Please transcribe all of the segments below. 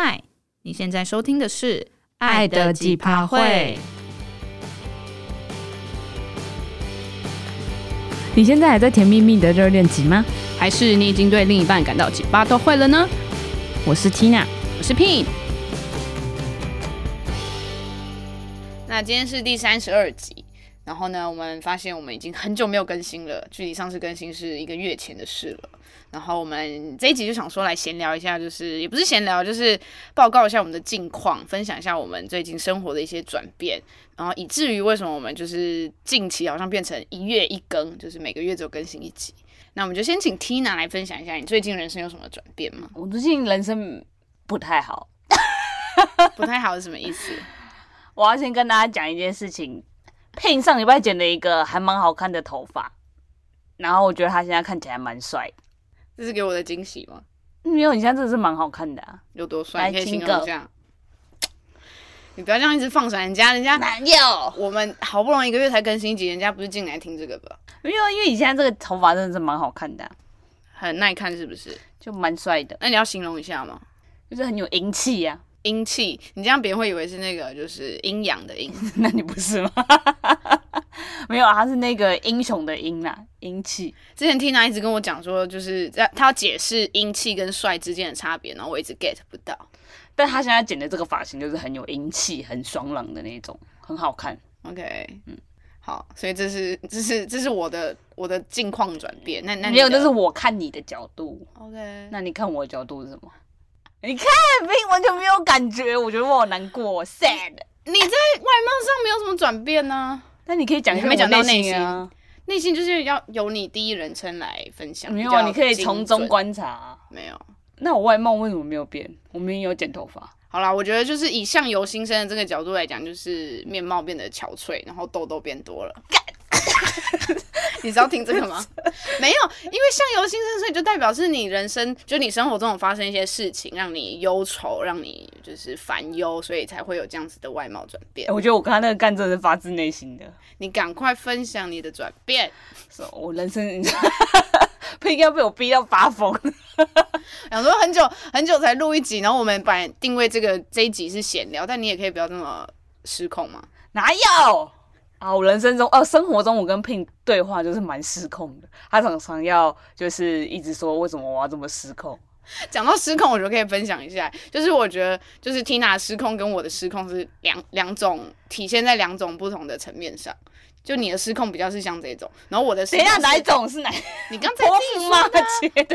嗨，你現在收聽的是《愛的幾趴火》會。你現在還在甜蜜蜜的熱戀期嗎？還是你已經對另一半感到幾趴都會了呢？我是 Tina，我是 Pin。那今天是第三十二集。然後呢，我們發現我們已經很久沒有更新了，距離上次更新是一個月前的事了。然後我們這一集就想說來閒聊一下，就是也不是閒聊，就是報告一下我們的近況，分享一下我們最近生活的一些轉變，然後以至於為什麼我們就是近期好像變成一月一更，就是每個月只有更新一集。那我們就先請 Tina 來分享一下你最近人生有什麼轉變嗎？我最近人生不太好， 不太好是什麼意思？我要先跟大家講一件事情。配上禮拜剪了一個還蠻好看的頭髮，然後我覺得他現在看起來蠻帥。這是給我的驚喜嗎？沒有，你現在真的是蠻好看的，啊，有多帥？來你可以形容一下。個你不要這樣一直放閃，人家，人家朋友，有我們好不容易一個月才更新一集，人家不是進來聽這個吧？沒有，因為你現在這個頭髮真的是蠻好看的，啊，很耐看，是不是？就蠻帥的。那你要形容一下嗎？就是很有英氣呀。英氣，你這樣別人會以為是那個就是陰陽的陰， 那你不是嗎？ 沒有啊，他是那個英雄的英啦、啊，英氣。之前 Tina 一直跟我講說，就是在他要解釋英氣跟帥之間的差別，然後我一直 get 不到。但他現在剪的這個髮型就是很有英氣，很爽朗的那種，很好看。OK，嗯，好，所以這是這是這是我的我的近況轉變。那那沒有，這是我看你的角度。OK，那你看我的角度是什麼？你看，完全沒有感覺，我覺得我好難過，sad。你在外貌上沒有什麼轉變呢、啊？那你可以講一下沒講到內心啊。內心就是要由你第一人稱來分享。沒有，你可以從中觀察。沒有。那我外貌為什麼沒有變？我明明有剪頭髮。好啦，我覺得就是以相由心生的這個角度來講，就是面貌變得憔悴，然後痘痘變多了。 你知道聽這個嗎？ 沒有，因為相由心生，所以就代表是你人生，就你生活中有發生一些事情，讓你憂愁，讓你就是煩憂，所以才會有這樣子的外貌轉變、欸。我覺得我剛剛那個幹真是發自內心的。你趕快分享你的轉變。So, 我人生 不應該要被我逼到發瘋。 想說很久很久才錄一集，然後我們把定位這個這一集是閒聊，但你也可以不要那麼失控嘛。哪有？啊，我人生中，呃、啊，生活中，我跟 Pin 對話就是蠻失控的。他常常要就是一直說，為什麼我要這麼失控？講到失控，我覺得可以分享一下，就是我覺得就是 Tina 的失控跟我的失控是兩兩種體現在兩種不同的層面上。就你的失控比較是像這種，然後我的失控是……誰講哪一種是哪？你剛才潑嗎？ 不，罵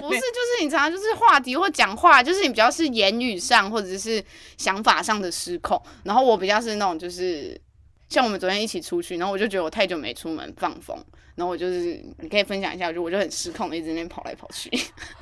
不是，就是你常常就是話題或講話，對對對，就是你比較是言語上或者是想法上的失控，然後我比較是那種就是。像我們昨天一起出去，然後我就覺得我太久沒出門放風。然後我就是，你可以分享一下，就我就很失控，一直在那邊跑來跑去。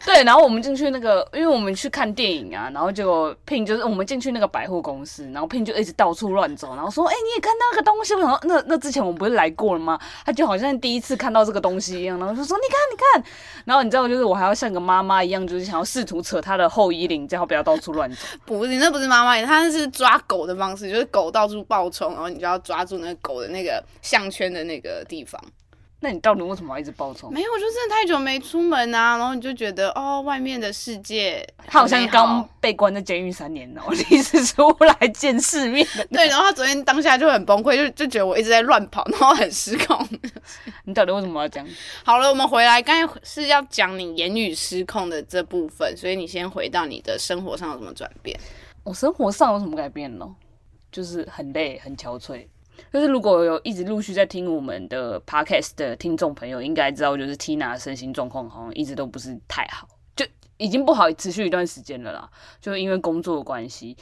對，然後我們進去那個，因為我們去看電影啊，然後就 Ping 就是我們進去那個百貨公司，然後 Ping 就一直到處亂走，然後說：“哎、欸，你也看那個東西？”我想說那那之前我們不是來過了嗎？他就好像第一次看到這個東西一樣，然後就說：“你看，你看。”然後你知道，就是我還要像個媽媽一樣，就是想要試圖扯他的後衣領，最好不要到處亂走。 不是，你那不是媽媽，他那是抓狗的方式，就是狗到處暴衝，然後你就要抓住那個狗的那個項圈的那個地方。那你到底為什麼要一直暴走？沒有，我就真的太久沒出門啊，然後你就覺得哦，外面的世界。他好像剛被關在監獄三年了，第一次出來見世面。 對，然後他昨天當下就很崩潰，就就覺得我一直在亂跑，然後很失控。 你到底為什麼要這樣？ 好了，我們回來，剛才是要講你言語失控的這部分，所以你先回到你的生活上有什麼轉變？我、哦、生活上有什麼改變呢？就是很累，很憔悴。就是如果有一直陸續在聽我們的 podcast 的聽眾朋友，應該知道，就是 Tina 的身心狀況好像一直都不是太好，就已經不好持續一段時間了啦，就因為工作的關係。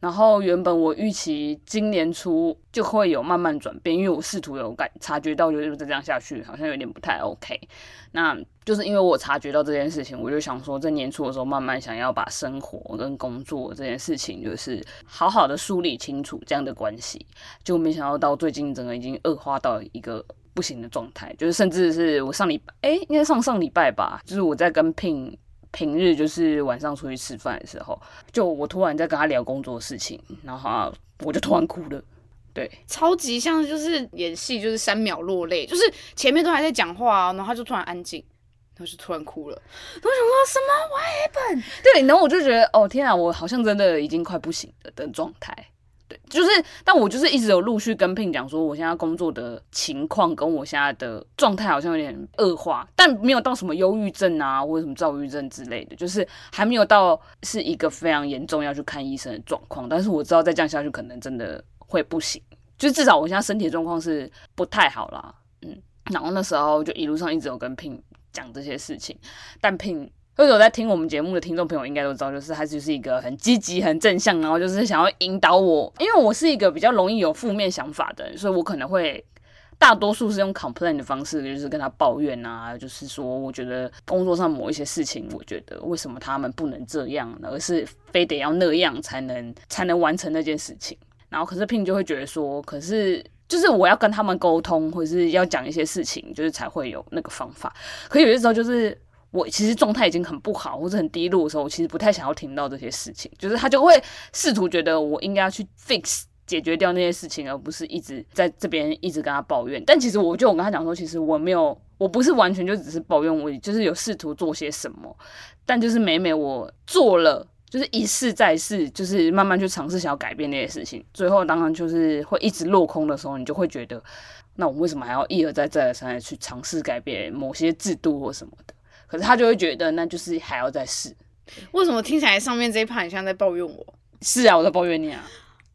然後原本我預期今年初就會有慢慢轉變，因為我試圖有感察覺到，就是再這樣下去，好像有點不太 OK。那就是因為我察覺到這件事情，我就想說在年初的時候慢慢想要把生活跟工作這件事情，就是好好的梳理清楚這樣的關係，就沒想到到最近整個已經惡化到一個不行的狀態，就是甚至是我上禮拜，哎，應該上上禮拜吧，就是我在跟 Ping。平日就是晚上出去吃飯的時候，就我突然在跟他聊工作的事情，然後我就突然哭了，對，超級像就是演戲，就是三秒落淚，就是前面都還在講話啊，然後他就突然安靜，然後就突然哭了，我想說什麼？What happened?，對，然後我就覺得哦天啊，我好像真的已經快不行了的狀態。對，就是，但我就是一直有陸續跟聘講說，我現在工作的情況跟我現在的狀態好像有點惡化，但沒有到什麼憂鬱症啊，或什麼躁鬱症之類的，就是還沒有到是一個非常嚴重要去看醫生的狀況。但是我知道再這樣下去，可能真的會不行。就至少我現在身體狀況是不太好啦，嗯，然後那時候就一路上一直有跟聘講這些事情，但聘。所有在聽我們節目的聽眾朋友應該都知道，就是他就是一個很積極、很正向，然後就是想要引導我，因為我是一個比較容易有負面想法的人，所以我可能會大多數是用 complain 的方式，就是跟他抱怨啊，就是說我覺得工作上某一些事情，我覺得為什麼他們不能這樣，而是非得要那樣才能才能完成那件事情。然後可是 Ping 就會覺得說，可是就是我要跟他們溝通，或者是要講一些事情，就是才會有那個方法。可有些時候就是。我其實狀態已經很不好，或者很低落的時候，我其實不太想要聽到這些事情。就是他就會試圖覺得我應該要去 fix 解決掉那些事情，而不是一直在這邊一直跟他抱怨。但其實，我就我跟他講說，其實我沒有，我不是完全就只是抱怨我，我就是有試圖做些什麼。但就是每每我做了，就是一試再試，就是慢慢去嘗試想要改變那些事情。最後，當然就是會一直落空的時候，你就會覺得，那我為什麼還要一而再再而三的去嘗試改變某些制度或什麼的？可是他就會覺得那就是還要再試，為什麼聽起來上面這一 part 很像在抱怨我？是啊，我在抱怨你啊。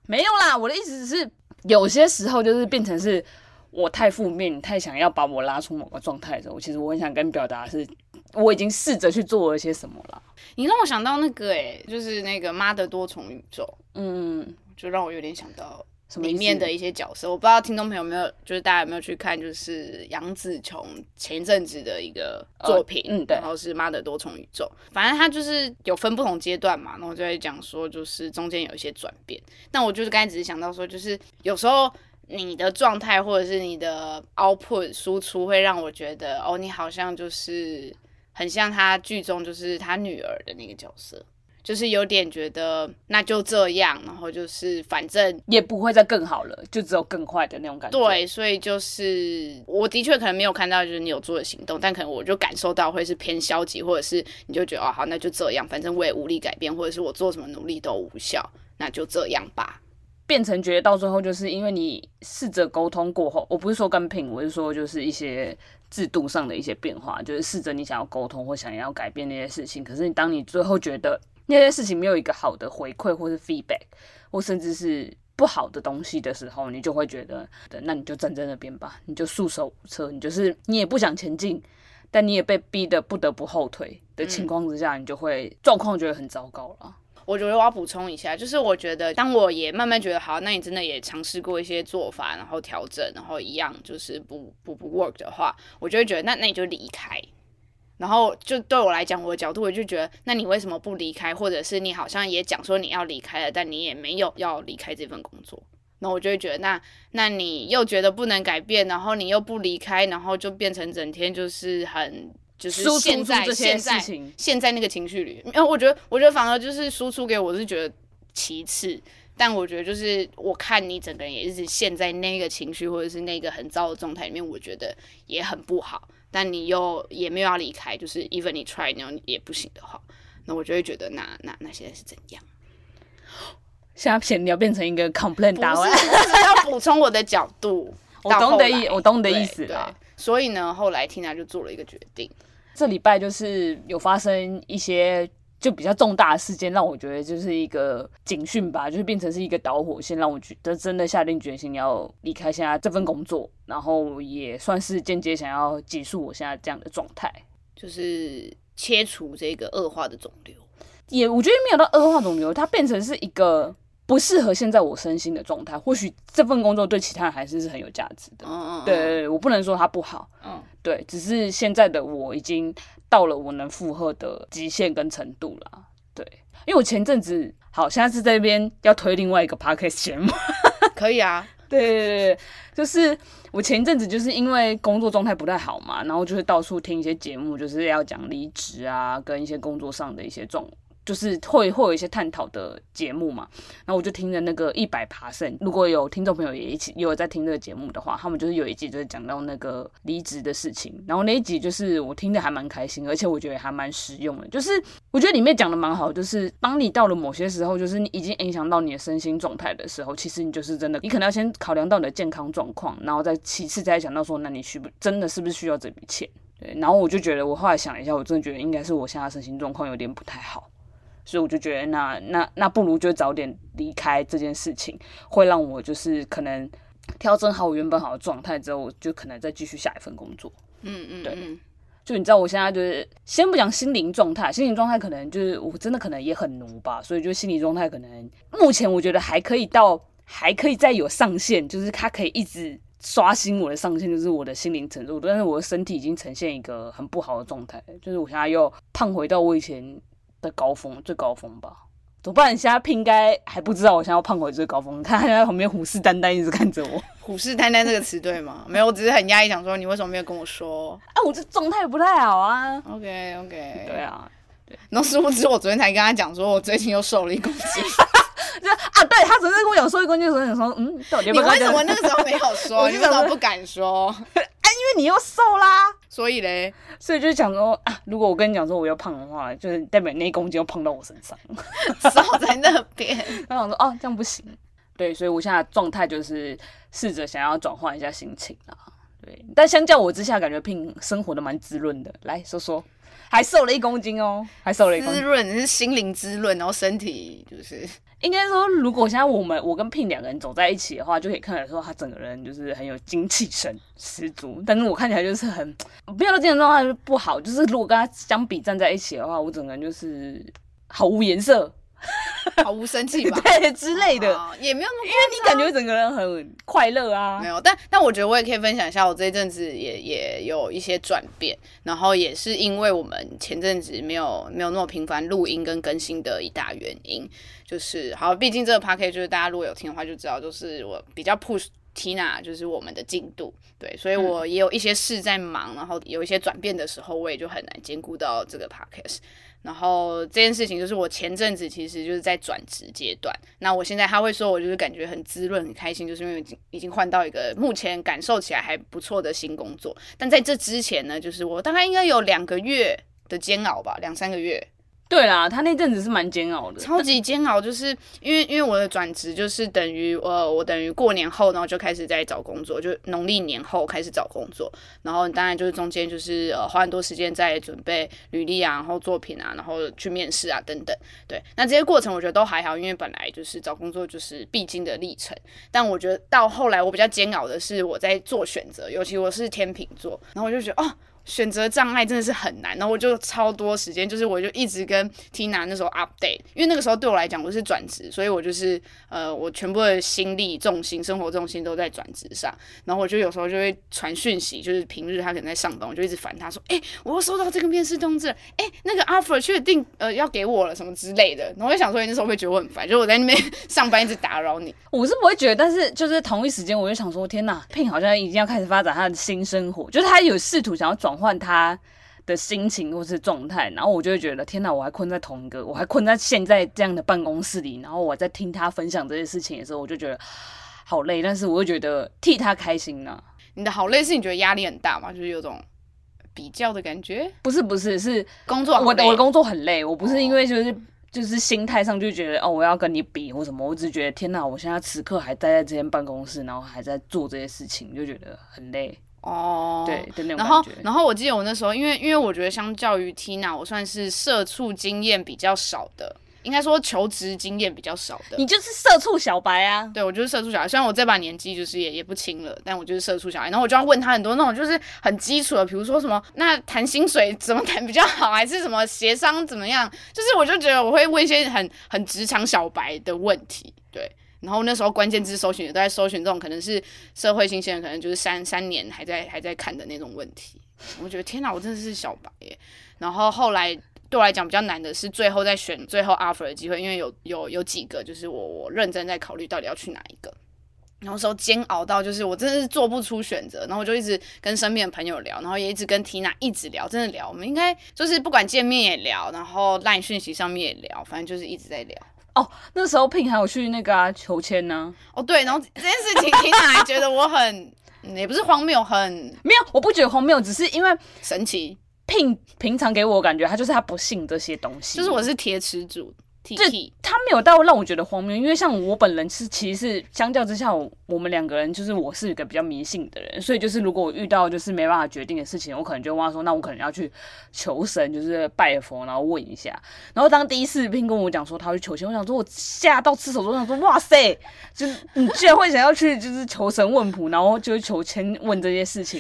沒有啦，我的意思是有些時候就是變成是我太負面，你太想要把我拉出某個狀態的時候，其實我很想跟你表達是，我已經試着去做了些什麼啦。你讓我想到那個、欸，誒就是那個媽的多重宇宙，嗯嗯，就讓我有點想到。什麼裡面的一些角色，我不知道聽眾朋友有沒有，就是大家有沒有去看，就是楊紫瓊前一陣子的一個作品，oh, 嗯，對，然後是《媽的多重宇宙》，反正他就是有分不同階段嘛，然後就會講說，就是中間有一些轉變。但我就是剛才只是想到說，就是有時候你的狀態或者是你的 output 輸出會讓我覺得，哦，你好像就是很像他劇中就是他女兒的那個角色。就是有點覺得那就這樣，然後就是反正也不會再更好了，就只有更壞的那種感覺。對，所以就是我的確可能沒有看到，就是你有做的行動，但可能我就感受到會是偏消極，或者是你就覺得哦，啊，好，那就這樣，反正我也無力改變，或者是我做什麼努力都無效，那就這樣吧，變成覺得到最後就是因為你試着溝通過後，我不是說跟品，我是說就是一些制度上的一些變化，就是試着你想要溝通或想要改變那些事情，可是你當你最後覺得，那些事情沒有一個好的回饋或是 feedback，或甚至是不好的東西的時候，你就會覺得，對，那你就站在那邊吧，你就束手無策，你就是你也不想前進，但你也被逼得不得不後退的情況之下，嗯，你就會狀況覺得很糟糕了。我覺得我要補充一下，就是我覺得當我也慢慢覺得好，那你真的也嘗試過一些做法，然後調整，然後一樣就是不不不 work 的話，我就會覺得那那你就離開。然後就對我來講，我的角度我就覺得，那你為什麼不離開？或者是你好像也講說你要離開了，但你也沒有要離開這份工作。那我就會覺得，那那你又覺得不能改變，然後你又不離開，然後就變成整天就是很就是陷在陷在陷在那個情緒裡。哎，我覺得我覺得反而就是輸出給我是覺得其次，但我覺得就是我看你整個人也一直陷在那個情緒或者是那個很糟的狀態裡面，我覺得也很不好。但你又也沒有要離開，就是 even 你 try，你也不行的話，那我就會覺得那，那那那現在是怎樣？現在變你要變成一個 complain。不是，不是要補充我的角度。我懂的意，我懂的意思啊。所以呢，後來 Tina 就做了一個決定。這禮拜就是有發生一些。就比較重大的事件，讓我覺得就是一個警訊吧，就是變成是一個導火線，讓我覺得真的下定決心要離開現在這份工作，然後也算是間接想要結束我現在這樣的狀態，就是切除這個惡化的腫瘤。也我覺得沒有到惡化腫瘤，它變成是一個不適合現在我身心的狀態。或許這份工作對其他人還是是很有價值的，嗯嗯嗯，對對對，我不能說它不好，嗯，對，只是現在的我已經。到了我能負荷的極限跟程度了，對，因為我前陣子好像是這邊要推另外一個 podcast 節目，可以啊， 對對對，就是我前陣子就是因為工作狀態不太好嘛，然後就是到處聽一些節目，就是要講離職啊，跟一些工作上的一些狀。就是會會有一些探討的節目嘛，然後我就聽着那個一百爬升，如果有聽眾朋友也一起有在聽這個節目的話，他們就是有一集就是講到那個離職的事情，然後那一集就是我聽的還蠻開心，而且我覺得還蠻實用的，就是我覺得裡面講的蠻好，就是當你到了某些時候，就是你已經影響到你的身心狀態的時候，其實你就是真的，你可能要先考量到你的健康狀況，然後再其次再想到說，那你需不真的是不是需要這筆錢？對，然後我就覺得，我後來想一下，我真的覺得應該是我現在的身心狀況有點不太好。所以我就覺得那，那那那不如就早點離開這件事情，會讓我就是可能調整好我原本好的狀態之後，我就可能再繼續下一份工作。嗯,嗯嗯，對，就你知道，我現在就是先不講心靈狀態，心靈狀態可能就是我真的可能也很奴吧，所以就心理狀態可能目前我覺得還可以到，還可以再有上限，就是它可以一直刷新我的上限，就是我的心靈程度。但是我的身體已經呈現一個很不好的狀態，就是我現在又胖回到我以前。高峰，最高峰吧，要不然你現在應該還不知道我現在要胖回最高峰。看他就在旁邊虎視眈眈，一直看着我。虎視眈眈這個詞對嗎？ 沒有，我只是很壓抑，想說你為什麼沒有跟我說？哎、 啊，我這狀態不太好啊。OK OK，對啊，對。那、no, 是不是我昨天才跟他講說我最近又瘦了一公斤？ 就啊，對他昨天跟我講瘦一公斤的時候想，你說嗯，有有你為什麼那個時候沒有說？我那時候不敢說。 因為你又瘦啦，所以咧，所以就講說、啊，如果我跟你講說我要胖的話，就是代表那一公斤要胖到我身上， 瘦在那邊。然後我 說，哦、啊，這樣不行。對，所以我現在狀態就是試着想要轉換一下心情啊。對，但相較我之下，感覺平生活的蠻滋潤的。來說說。收收還瘦了一公斤哦、喔，還瘦了一公斤。滋潤是心靈滋潤，然後身體就是應該說，如果現在我們我跟 Pin 兩個人走在一起的話，就可以看得出他整個人就是很有精氣神十足。但是我看起來就是很，不要說精神狀態不好，就是如果跟他相比站在一起的話，我整個人就是毫無顏色。毫無生氣吧？ 對之類的，也沒有，因為你感覺整個人很快樂啊。啊沒有，但但我覺得我也可以分享一下，我這一陣子也也有一些轉變。然後也是因為我們前陣子沒有沒有那麼頻繁錄音跟更新的一大原因，就是好，畢竟這個 podcast 就是大家如果有聽的話就知道，就是我比較 push Tina，就是我們的進度對，所以我也有一些事在忙，嗯、然後有一些轉變的時候，我也就很難兼顧到這個 podcast。然後這件事情就是我前陣子其實就是在轉職階段，那我現在他會說我就是感覺很滋潤、很開心，就是因為已經已經換到一個目前感受起來還不錯的新工作。但在這之前呢，就是我大概應該有兩個月的煎熬吧，兩三個月。對啦，他那陣子是蠻煎熬的，超級煎熬，就是因為因為我的轉職，就是等於呃，我等於過年後，然後就開始在找工作，就農曆年後開始找工作，然後當然就是中間就是，呃，花很多時間在準備履歷啊，然後作品啊，然後去面試啊等等。對，那這些過程我覺得都還好，因為本來就是找工作就是必經的歷程。但我覺得到後來我比較煎熬的是我在做選擇，尤其我是天秤座，然後我就覺得哦。選擇障礙真的是很難，然後我就超多時間，就是我就一直跟 Tina 那時候 update，因為那個時候對我來講我是轉職，所以我就是呃我全部的心力重心、生活重心都在轉職上，然後我就有時候就會傳訊息，就是平日他可能在上班，我就一直煩他說，哎、欸，我又收到這個面試通知了，哎、欸，那個 offer 確定呃要給我了什麼之類的，然後我就想說那時候會覺得我很煩，就是我在那邊 上班一直打擾你，我是不會覺得，但是就是同一時間我就想說，天吶，Pin 好像已經要開始發展他的新生活，就是他有試圖想要轉。換他的心情或是狀態，然後我就會覺得天哪，我還困在同一個，我還困在現在這樣的辦公室裡，然後我在聽他分享這些事情的時候，我就覺得好累，但是我又覺得替他開心呢、啊。你的好累是你覺得壓力很大嗎？就是有種比較的感覺？不是，不是，是工作很累，我的我的工作很累。我不是因為就是、oh. 就是心態上就覺得哦，我要跟你比或什麼，我只覺得天哪，我現在此刻還待在這間辦公室，然後還在做這些事情，就覺得很累。哦，oh, 對，然後，然後我記得我那時候，因為，因為我覺得相較於 Tina，我算是社畜經驗比較少的，應該說求職經驗比較少的。你就是社畜小白啊！對，我就是社畜小白。雖然我這把年紀就是也也不輕了，但我就是社畜小白。然後我就要問他很多那種就是很基礎的，比如說什麼，那談薪水怎麼談比較好，還是什麼協商怎麼樣？就是我就覺得我會問一些很很職場小白的問題，對。然後那時候關鍵字搜尋也都在搜尋這種可能是社會新鮮人，可能就是三三年還在還在看的那種問題。我覺得天哪，我真的是小白耶。然後後來對我來講比較難的是最後再選最後 offer 的機會，因為有有有幾個就是我我認真在考慮到底要去哪一個。然後時候煎熬到就是我真的是做不出選擇。然後我就一直跟身邊的朋友聊，然後也一直跟 Tina 一直聊，真的聊。我們應該就是不管見面也聊，然後 LINE 訊息上面也聊，反正就是一直在聊。哦，那時候聘還有去那個啊求籤呢、啊。哦，喔、對，然後這件事情聽起來覺得我很 嗯、也不是荒謬，很沒有，我不覺得荒謬，只是因為神奇聘平常給我感覺他就是他不信這些東西，就是我是鐵齒主。這他沒有到讓我覺得荒謬，因為像我本人是，其實是相較之下，我，我們兩個人就是我是一個比較迷信的人，所以就是如果我遇到就是沒辦法決定的事情，我可能就會問他說：“那我可能要去求神，就是拜佛，然後問一下。”然後當第一次並跟我講說他去求籤，我想說，我嚇到吃手，我想說：“哇塞，就是你居然會想要去就是求神問卜，然後就求籤問這些事情，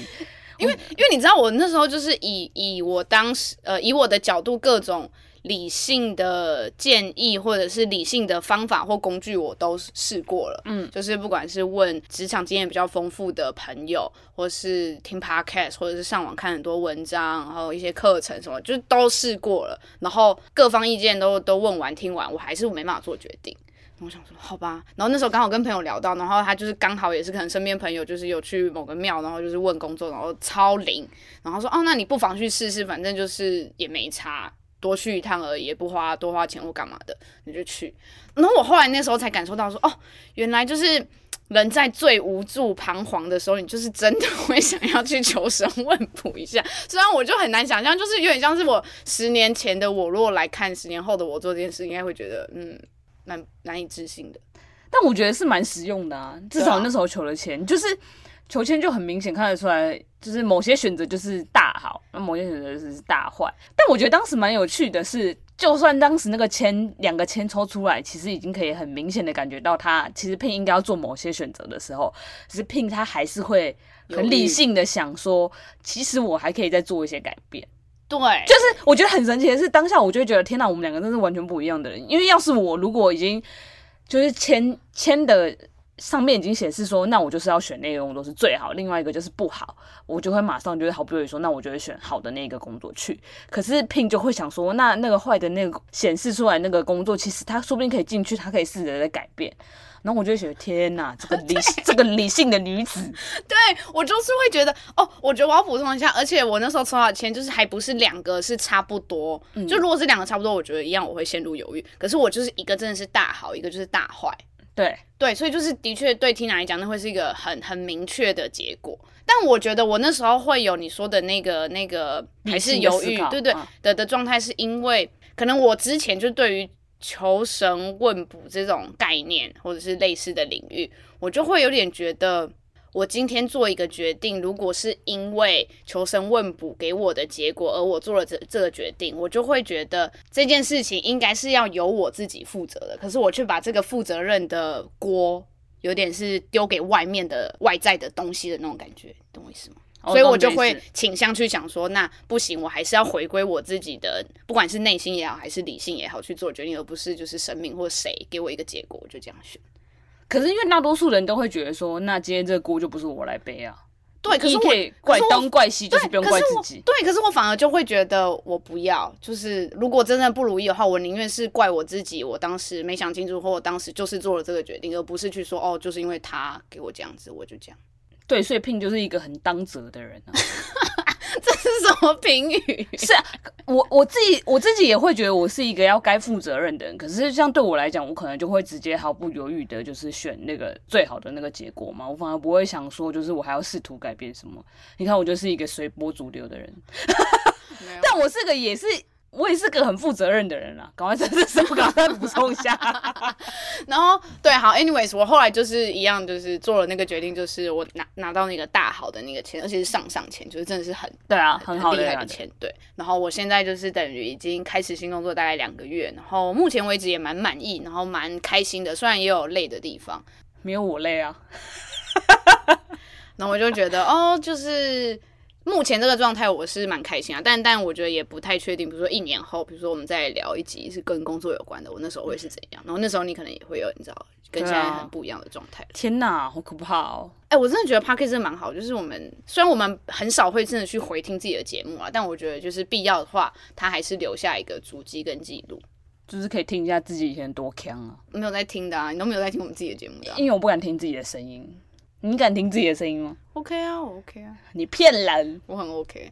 因為因為你知道我那時候就是以以我當時呃以我的角度各種。”理性的建議或者是理性的方法或工具我都試過了，嗯，就是不管是問職場經驗比較豐富的朋友，或是聽 podcast，或者是上網看很多文章，然後一些課程什麼，就都試過了。然後各方意見都都問完聽完，我還是沒辦法做決定。我想說好吧，然後那時候剛好跟朋友聊到，然後他就是剛好也是可能身邊朋友就是有去某個廟，然後就是問工作，然後超靈，然後說哦、啊，那你不妨去試試，反正就是也沒差。多去一趟而已，不花多花錢或幹嘛的，你就去。然後我後來那時候才感受到說，說哦，原來就是人在最無助彷徨的時候，你就是真的會想要去求神問卜一下。雖然我就很難想象，就是有點像是我十年前的我，如果來看十年後的我做這件事，應該會覺得嗯，蠻難，難以置信的。但我覺得是蠻實用的啊，啊至少那時候求了錢就是。求籤就很明顯看得出來，就是某些選擇就是大好，那某些選擇就是大壞。但我覺得當時蠻有趣的是，就算當時那個籤兩個籤抽出來，其實已經可以很明顯的感覺到他，他其實 Pin 應該要做某些選擇的時候，只是 Pin 他還是會很理性的想說，猶豫。其實我還可以再做一些改變。對，就是我覺得很神奇的是，當下我就會覺得，天吶、啊，我們兩個真是完全不一樣的人。因為要是我，如果已經就是籤籤的。上面已經顯示說，那我就是要選那個工作是最好，另外一個就是不好，我就會馬上就會毫不猶豫說，那我就會選好的那個工作去。可是 Ping 就會想說，那那個壞的那個顯示出來那個工作，其實他說不定可以進去，他可以試着在改變。然後我就會覺得，天哪、啊，這個理對 這個理性的女子，對我就是會覺得哦。我覺得我要補充一下，而且我那時候抽到的籤就是還不是兩個是差不多，嗯、就如果是兩個差不多，我覺得一樣我會陷入猶豫。可是我就是一個真的是大好，一個就是大壞。對對，所以就是的確對 Tina 來講，那會是一個很很明確的結果。但我覺得我那時候會有你說的那個那個還是猶豫，對對，對、嗯、的的狀態，是因為可能我之前就對於求神問卜這種概念或者是類似的領域，我就會有點覺得。我今天做一個決定，如果是因為求神問卜給我的結果，而我做了這這個決定，我就會覺得這件事情應該是要由我自己負責的。可是我卻把這個負責任的鍋，有點是丟給外面的外在的東西的那種感覺，懂我意思嗎？哦，懂我意思。所以我就會傾向去想說，那不行，我還是要回歸我自己的，不管是內心也好，還是理性也好，去做決定，而不是就是神明或誰給我一個結果，我就這樣選。可是因為大多數人都會覺得說，那今天這個鍋就不是我來背啊。對，你可以，可，可是我怪東怪西就是不用怪自己。對，對，可是我反而就會覺得我不要，就是如果真的不如意的話，我寧願是怪我自己，我當時沒想清楚，或我當時就是做了這個決定，而不是去說哦，就是因為他給我這樣子，我就這樣。對，所以聘就是一個很當責的人啊。 這是什麼評語？ 是啊，我我自己我自己也會覺得我是一個要該負責任的人。可是像對我來講，我可能就會直接毫不猶豫的，就是選那個最好的那個結果嘛。我反而不會想說，就是我還要試圖改變什麼。你看，我就是一個隨波逐流的人。 但我是個也是。我也是個很負責任的人啦、啊、趕快真的是是不趕快再補充一下， 然後對好，anyways，我後來就是一樣，就是做了那個決定，就是我拿拿到那個大好的那個錢，而且是上上錢，就是真的是很對啊，很，很，厲害的很好的錢，對，對。然後我現在就是等於已經開始新工作大概兩個月，然後目前為止也蠻滿意，然後蠻開心的，雖然也有累的地方，沒有我累啊。 然後我就覺得哦，就是。目前這個狀態我是蠻開心啊，但但我覺得也不太確定，比如說一年後，比如說我們再聊一集是跟工作有關的，我那時候會是怎樣？然後那時候你可能也會有你知道跟現在很不一樣的狀態。天哪、啊，好可怕、哦！哎、欸，我真的覺得 Podcast 真的蠻好，就是我們雖然我們很少會真的去回聽自己的節目啊，但我覺得就是必要的話，他還是留下一個足跡跟記錄，就是可以聽一下自己以前多鏘啊。沒有在聽的啊？你都沒有在聽我們自己的節目呀？因為我不敢聽自己的聲音。你敢聽自己的聲音嗎？OK 啊，我 OK 啊。你騙人，我很 OK。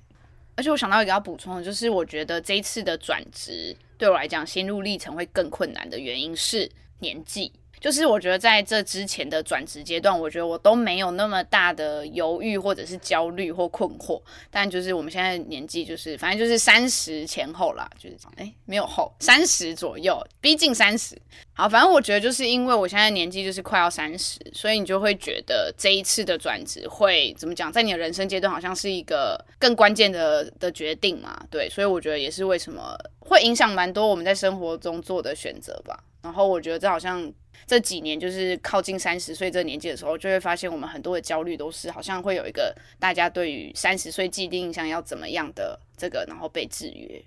而且我想到一個要補充的，就是我覺得這一次的轉職對我來講心路歷程會更困難的原因是年紀。就是我覺得在這之前的轉職階段，我覺得我都沒有那麼大的猶豫或者是焦慮或困惑。但就是我們現在的年紀，就是反正就是三十前後啦，就是誒沒有後三十左右，逼近三十。好，反正我覺得就是因為我現在的年紀就是快要三十，所以你就會覺得這一次的轉職會怎麼講，在你的人生階段好像是一個更關鍵的的決定嘛。對，所以我覺得也是為什麼會影響蠻多我們在生活中做的選擇吧。然後我覺得這好像。這幾年就是靠近三十歲這個年紀的時候，就會發現我們很多的焦慮都是好像會有一個大家對於三十歲既定印象要怎麼樣的這個，然後被制約。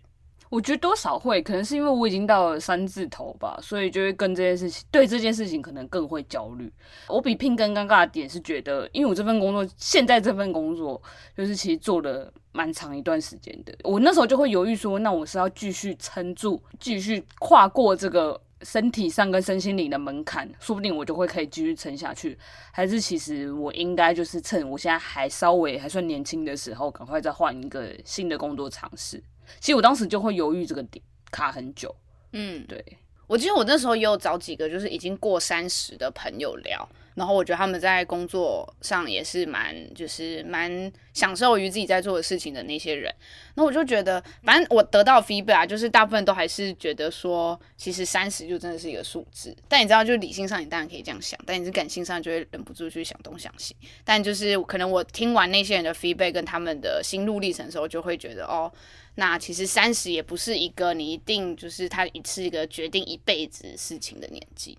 我覺得多少會，可能是因為我已經到了三字頭吧，所以就會跟這件事情，對這件事情可能更會焦慮。我比拼更尷尬的點是，覺得因為我這份工作，現在這份工作就是其實做了蠻長一段時間的，我那時候就會猶豫說，那我是要繼續撐住，繼續跨過這個。身體上跟身心靈的門檻，說不定我就會可以繼續撐下去，還是其實我應該就是趁我現在還稍微還算年輕的時候，趕快再換一個新的工作嘗試。其實我當時就會猶豫這個點，卡很久。嗯，對，我記得我那時候也有找幾個就是已經過三十的朋友聊，然後我覺得他們在工作上也是蠻，就是蠻享受於自己在做的事情的那些人。那我就覺得，反正我得到 feedback 啊，就是大部分都還是覺得說，其實三十就真的是一個數字。但你知道，就是理性上你當然可以這樣想，但你是感性上就會忍不住去想東想西。但就是可能我聽完那些人的 feedback 跟他們的心路歷程的時候，就會覺得哦，那其實三十也不是一個你一定就是他一次一個決定一輩子事情的年紀。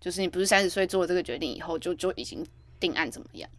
就是你不是三十歲做了這個決定以後就就已經定案怎麼樣了。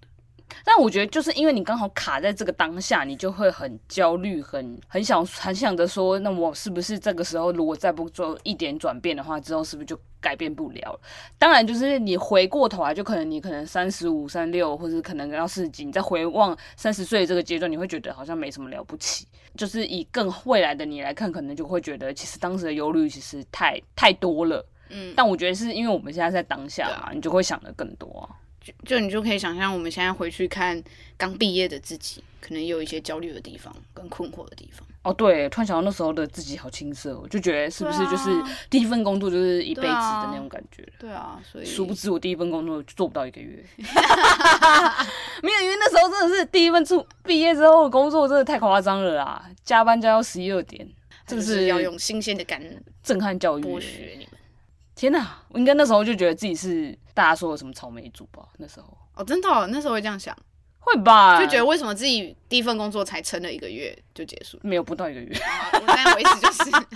但我覺得就是因為你剛好卡在這個當下，你就會很焦慮，很很想很想着說，那我是不是這個時候如果再不做一點轉變的話，之後是不是就改變不了了？當然，就是你回過頭來，就可能你可能三十五、三十六，或者可能要四十幾，你再回望三十歲這個階段，你會覺得好像沒什麼了不起。就是以更未來的你來看，可能就會覺得其實當時的憂慮其實太太多了。嗯，但我覺得是因為我們現在在當下啊，你就會想的更多、啊、就就你就可以想象，我們現在回去看剛畢業的自己，可能有一些焦慮的地方跟困惑的地方。哦，對，突然想到那時候的自己好青澀，我就覺得是不是就是第一份工作就是一輩子的那種感覺？對啊，對啊，所以殊不知我第一份工作就做不到一個月。 沒有，因為那時候真的是第一份出畢業之後的工作，真的太誇張了啦！加班加到十一二點，就是，是要用新鮮的感震撼教育、欸、學你們。天吶、啊，我應該那時候就覺得自己是大家說的什麼草莓族吧？那時候哦，真的、哦，那時候會這樣想，會吧？就覺得為什麼自己第一份工作才撐了一個月就結束？沒有不到一個月，好啊、但我意思就是 對。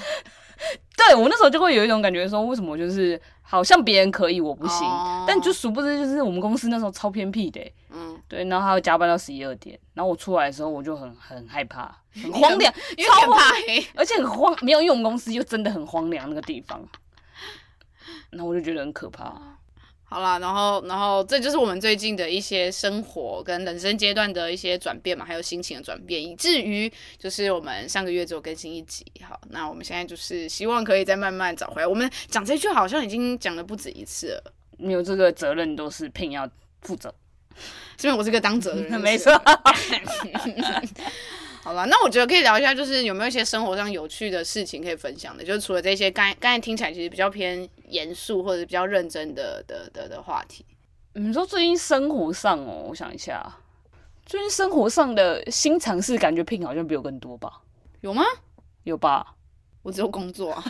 對我那時候就會有一種感覺，說為什麼就是好像別人可以我不行？哦、但就殊不知就是我們公司那時候超偏僻的、欸，嗯，對，然後還要加班到十一二點，然後我出來的時候我就很很害怕，很荒涼，很超慌怕黑，而且很荒，沒有，因為我們公司又真的很荒涼那個地方。那我就覺得很可怕啊。好了，然後，然後這就是我們最近的一些生活跟人生階段的一些轉變嘛，還有心情的轉變，以至於就是我們上個月只有更新一集。好，那我們現在就是希望可以再慢慢找回來。我們講這句好像已經講了不止一次了，你有這個責任都是聘要負責，因為我是個當責任的人， 沒錯。 好啦，那我覺得可以聊一下，就是有沒有一些生活上有趣的事情可以分享的？就是除了這些剛剛剛聽起來其實比較偏嚴肅或者比較認真的的的的話題。你們說最近生活上哦、喔，我想一下，最近生活上的新嘗試，感覺拼好像比我更多吧？有嗎？有吧？我只有工作，啊，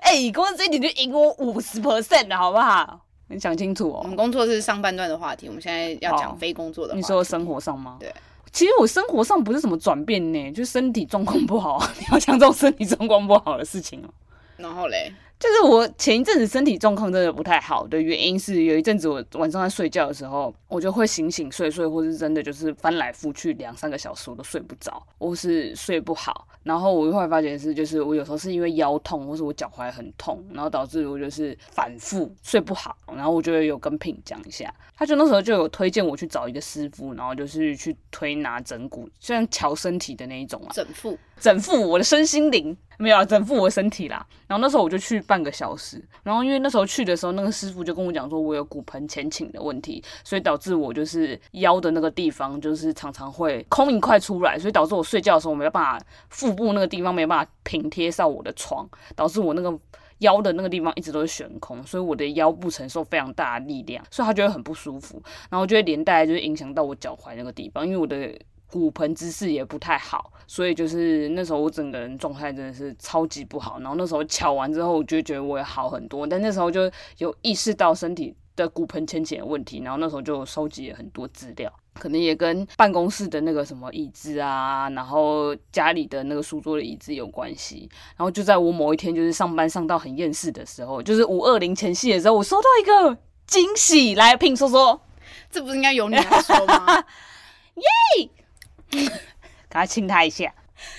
哎、 欸，工作這一點就贏我五十 percent 了，好不好？你講清楚哦、喔。我們工作是上半段的話題，我們現在要講非工作的話題。你說生活上嗎？對。其實我生活上不是什麼轉變呢，就是身體狀況不好。你要講這種身體狀況不好的事情哦。然後嘞，就是我前一陣子身體狀況真的不太好，的原因是有一陣子我晚上在睡覺的時候。我就會醒醒睡睡，或是真的就是翻來覆去兩三個小時我都睡不着，或是睡不好。然後我就會發覺是，就是我有時候是因為腰痛，或是我腳踝很痛，然後導致我就是反覆睡不好。然後我就會有跟品講一下，他就那時候就有推薦我去找一個師傅，然後就是去推拿整骨，雖然調身體的那一種啊。整腹副，整腹，我的身心靈沒有、啊，整腹我的身體啦。然後那時候我就去半個小時，然後因為那時候去的時候，那個師傅就跟我講說，我有骨盆前傾的問題，所以導致。自我就是腰的那個地方，就是常常會空一塊出來，所以導致我睡覺的時候，我沒有辦法，腹部那個地方沒有辦法平貼上我的床，導致我那個腰的那個地方一直都是懸空，所以我的腰部承受非常大的力量，所以他覺得很不舒服，然後就會連帶就是影響到我腳踝那個地方，因為我的骨盆姿勢也不太好，所以就是那時候我整個人狀態真的是超級不好，然後那時候喬完之後我就覺得我也好很多，但那時候就有意識到身體，在骨盆前傾的問題，然後那時候就收集了很多資料，可能也跟辦公室的那個什麼椅子啊，然後家裡的那個書桌的椅子有關係。然後就在我某一天就是上班上到很厭世的時候，就是五二零前夕的時候，我收到一個驚喜，來，拼說說，這不是應該由你來說嗎？耶， Yeah! 給他親他一下。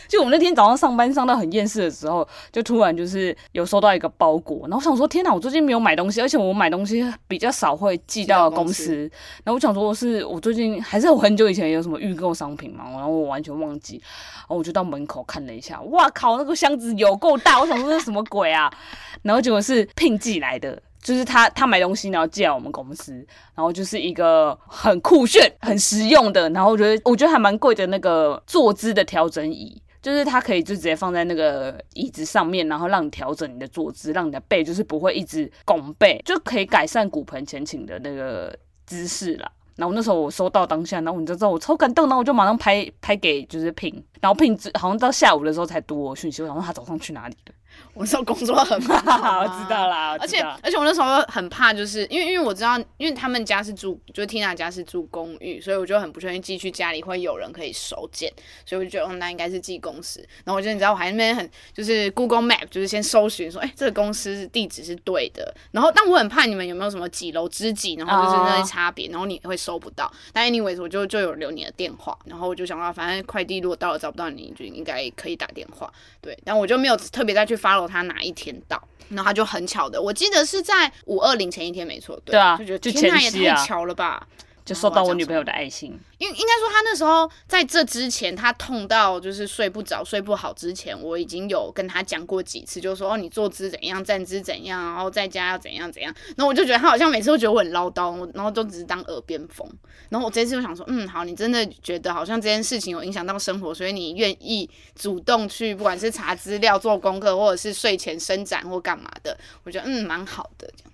就我們那天早上上班上到很厭世的時候，就突然就是有收到一個包裹，然後我想說，天吶，我最近沒有買東西，而且我買東西比較少會寄到公司，公司，然後我想說是我最近還是我很久以前有什麼預購商品嘛，然後我完全忘記，然後我就到門口看了一下，哇靠，那個箱子有夠大，我想說這是什麼鬼啊， 然後結果是聘寄來的。就是他，他買東西然後寄來我們公司，然後就是一個很酷炫、很實用的，然後我覺得我覺得還蠻貴的那個坐姿的調整椅，就是它可以就直接放在那個椅子上面，然後讓你調整你的坐姿，讓你的背就是不會一直拱背，就可以改善骨盆前傾的那個姿勢啦。然後那時候我收到當下，然後你就知道我超感動，然後我就馬上拍拍給就是品，然後品好像到下午的時候才讀我訊息，然後他早上去哪裡了？我那時候工作很忙，好，我知道啦。我知道。而且而且我那時候很怕，就是因為因為我知道，因為他們家是住，就是 Tina 家是住公寓，所以我就很不願意寄去家裡會有人可以收件，所以我就覺得，哦，那應該是寄公司。然後我覺得你知道，我還在那邊很就是 Google Map，就是先搜尋說，哎、欸，這個公司地址是對的。然後，但我很怕你們有沒有什麼幾樓之幾，然後就是那些差別，然後你會收不到。Oh. 但 Anyway，我就就有留你的電話，然後我就想到，反正快遞如果到了找不到你，就應該可以打電話。對，但我就沒有特別再去發。他哪一天到？然後他就很巧的，我記得是在五二零前一天，沒錯，對，對啊，就覺得天哪，啊、也太巧了吧！就收到我女朋友的愛心，因為應該說，她那時候在這之前，她痛到就是睡不着、睡不好之前，我已經有跟她講過幾次，就說哦，你坐姿怎樣，站姿怎樣，然後在家要怎樣怎樣。然後我就覺得她好像每次都覺得我很嘮叨，然後都只是當耳邊風。然後我這次就想說，嗯，好，你真的覺得好像這件事情有影響到生活，所以你願意主動去，不管是查資料、做功課，或者是睡前伸展或幹嘛的，我覺得嗯，蠻好的這樣。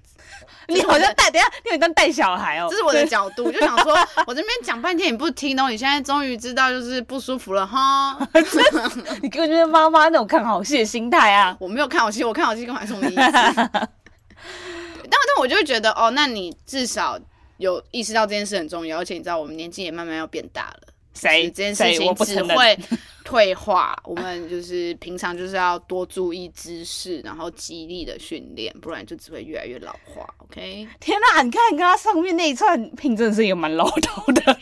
你我在帶，等下你好像帶小孩哦，這是我的角度，就想說，我這邊講半天，你不聽哦、喔， 你現在終於知道就是不舒服了哈， 你給我就是媽媽那種看好戲的心態啊，我沒有看好戲，我看好戲幹嘛？是什麼意思？ 但但我就覺得哦，那你至少有意識到這件事很重要，而且你知道我們年紀也慢慢要變大了。這件事情只會退化，我，我們就是平常就是要多注意姿勢， 然後肌力的訓練，不然就只會越來越老化。OK？天哪、啊，你看你跟他上面那一串，拼真的是一個蠻老道的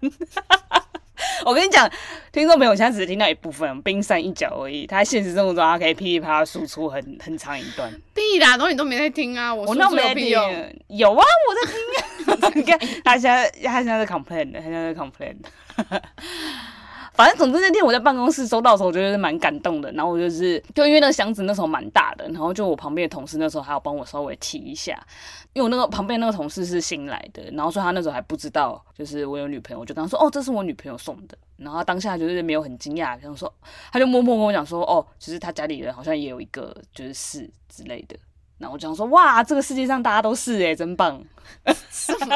人。 我跟你講，聽眾朋友，我現在只是聽到一部分冰山一角而已。他現實生活中他可以噼裡啪啦輸出很很長一段，屁啦，東西你都沒在聽啊！我，必要我那沒有有啊，我在聽啊。你看，他現在他現在在 complain，他現在在 complain。 反正總之那天我在辦公室收到的時候，我覺得是蠻感動的。然後我就是，就因為那個箱子那時候蠻大的，然後就我旁邊的同事那時候還要幫我稍微提一下，因為我那個旁邊那個同事是新來的，然後所以他那時候還不知道，就是我有女朋友，我就當時說：“哦，這是我女朋友送的。”然後當下就是沒有很驚訝，然後說，他就默默跟我講說：“哦，其實他家裡人好像也有一個，就是是之類的。”然後我講說：“哇，這個世界上大家都是哎、欸，真棒！”是吧？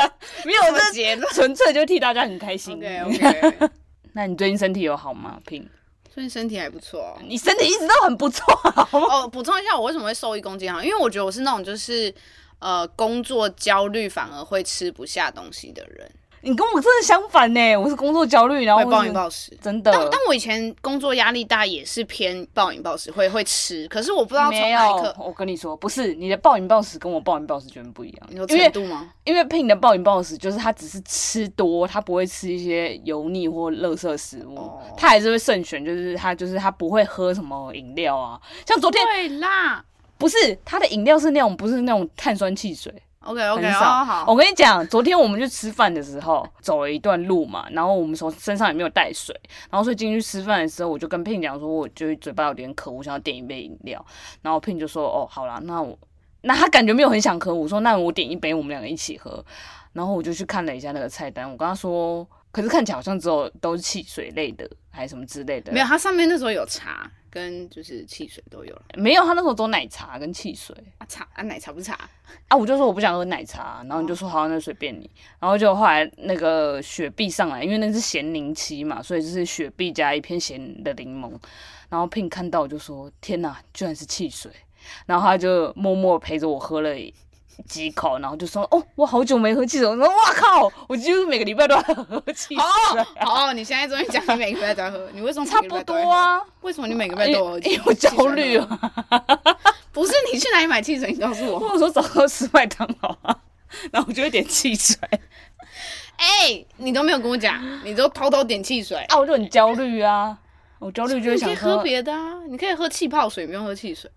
沒有這結純粹就替大家很開心。Okay, okay. 那你最近身體有好嗎？平，最近身體還不錯哦。你身體一直都很不錯。哦，補、 哦、充一下，我為什麼會瘦一公斤啊？因為我覺得我是那種就是，呃，工作焦慮反而會吃不下東西的人。你跟我真的相反呢。欸，我是工作焦慮，然後我暴飲暴食，真的。但。但我以前工作壓力大也是偏暴飲暴食，會會吃。可是我不知道從哪一刻沒有。我跟你說，不是你的暴飲暴食跟我暴飲暴食絕對不一樣。你有程度嗎？因為，因為配你的暴飲暴食就是他只是吃多，他不會吃一些油膩或垃圾食物，哦、他還是會慎選，就是他就是他不會喝什麼飲料啊。像昨天對啦，不是他的飲料是那種不是那種碳酸汽水。OK OK 好好好，我跟你講， 昨天我們去吃飯的時候，走了一段路嘛，然後我們從身上也沒有帶水，然後所以進去吃飯的時候，我就跟 Pin 講說，我就是嘴巴有點渴，我想要點一杯飲料，然後 Pin 就說，哦，好啦，那我，那他感覺沒有很想喝，我說那我點一杯，我們兩個一起喝，然後我就去看了一下那個菜單，我跟他說，可是看起來好像只有都是汽水類的，還是什麼之類的，沒有，它上面那時候有茶。跟就是汽水都有了，沒有，他那時候做奶茶跟汽水。啊茶啊，奶茶不茶啊，我就說我不想喝奶茶，然後你就說好，那隨便你。然後就後來那個雪碧上來，因為那是鹹檸七嘛，所以就是雪碧加一片鹹的檸檬。然後 Pink 看到我就說：“天哪，居然是汽水！”然後他就默默陪着我喝了。幾口，然後就說哦，我好久沒喝汽水，然後我靠，我幾乎每個禮拜都要喝汽水。啊。好，oh, oh, 你現在終於講，你每個禮拜都要喝， 你為什麼？差不多啊？為什麼你每個禮拜都要喝？因、欸欸、我焦慮啊。 不是，你去哪裡買汽水？你告訴我。我 說早喝十麥當勞好啊。然後我就有點汽水。哎 欸，你都沒有跟我講，你都偷偷點汽水。啊，我就很焦慮啊！欸、我焦慮就會想你喝別的啊，你可以喝氣泡水，不用喝汽水。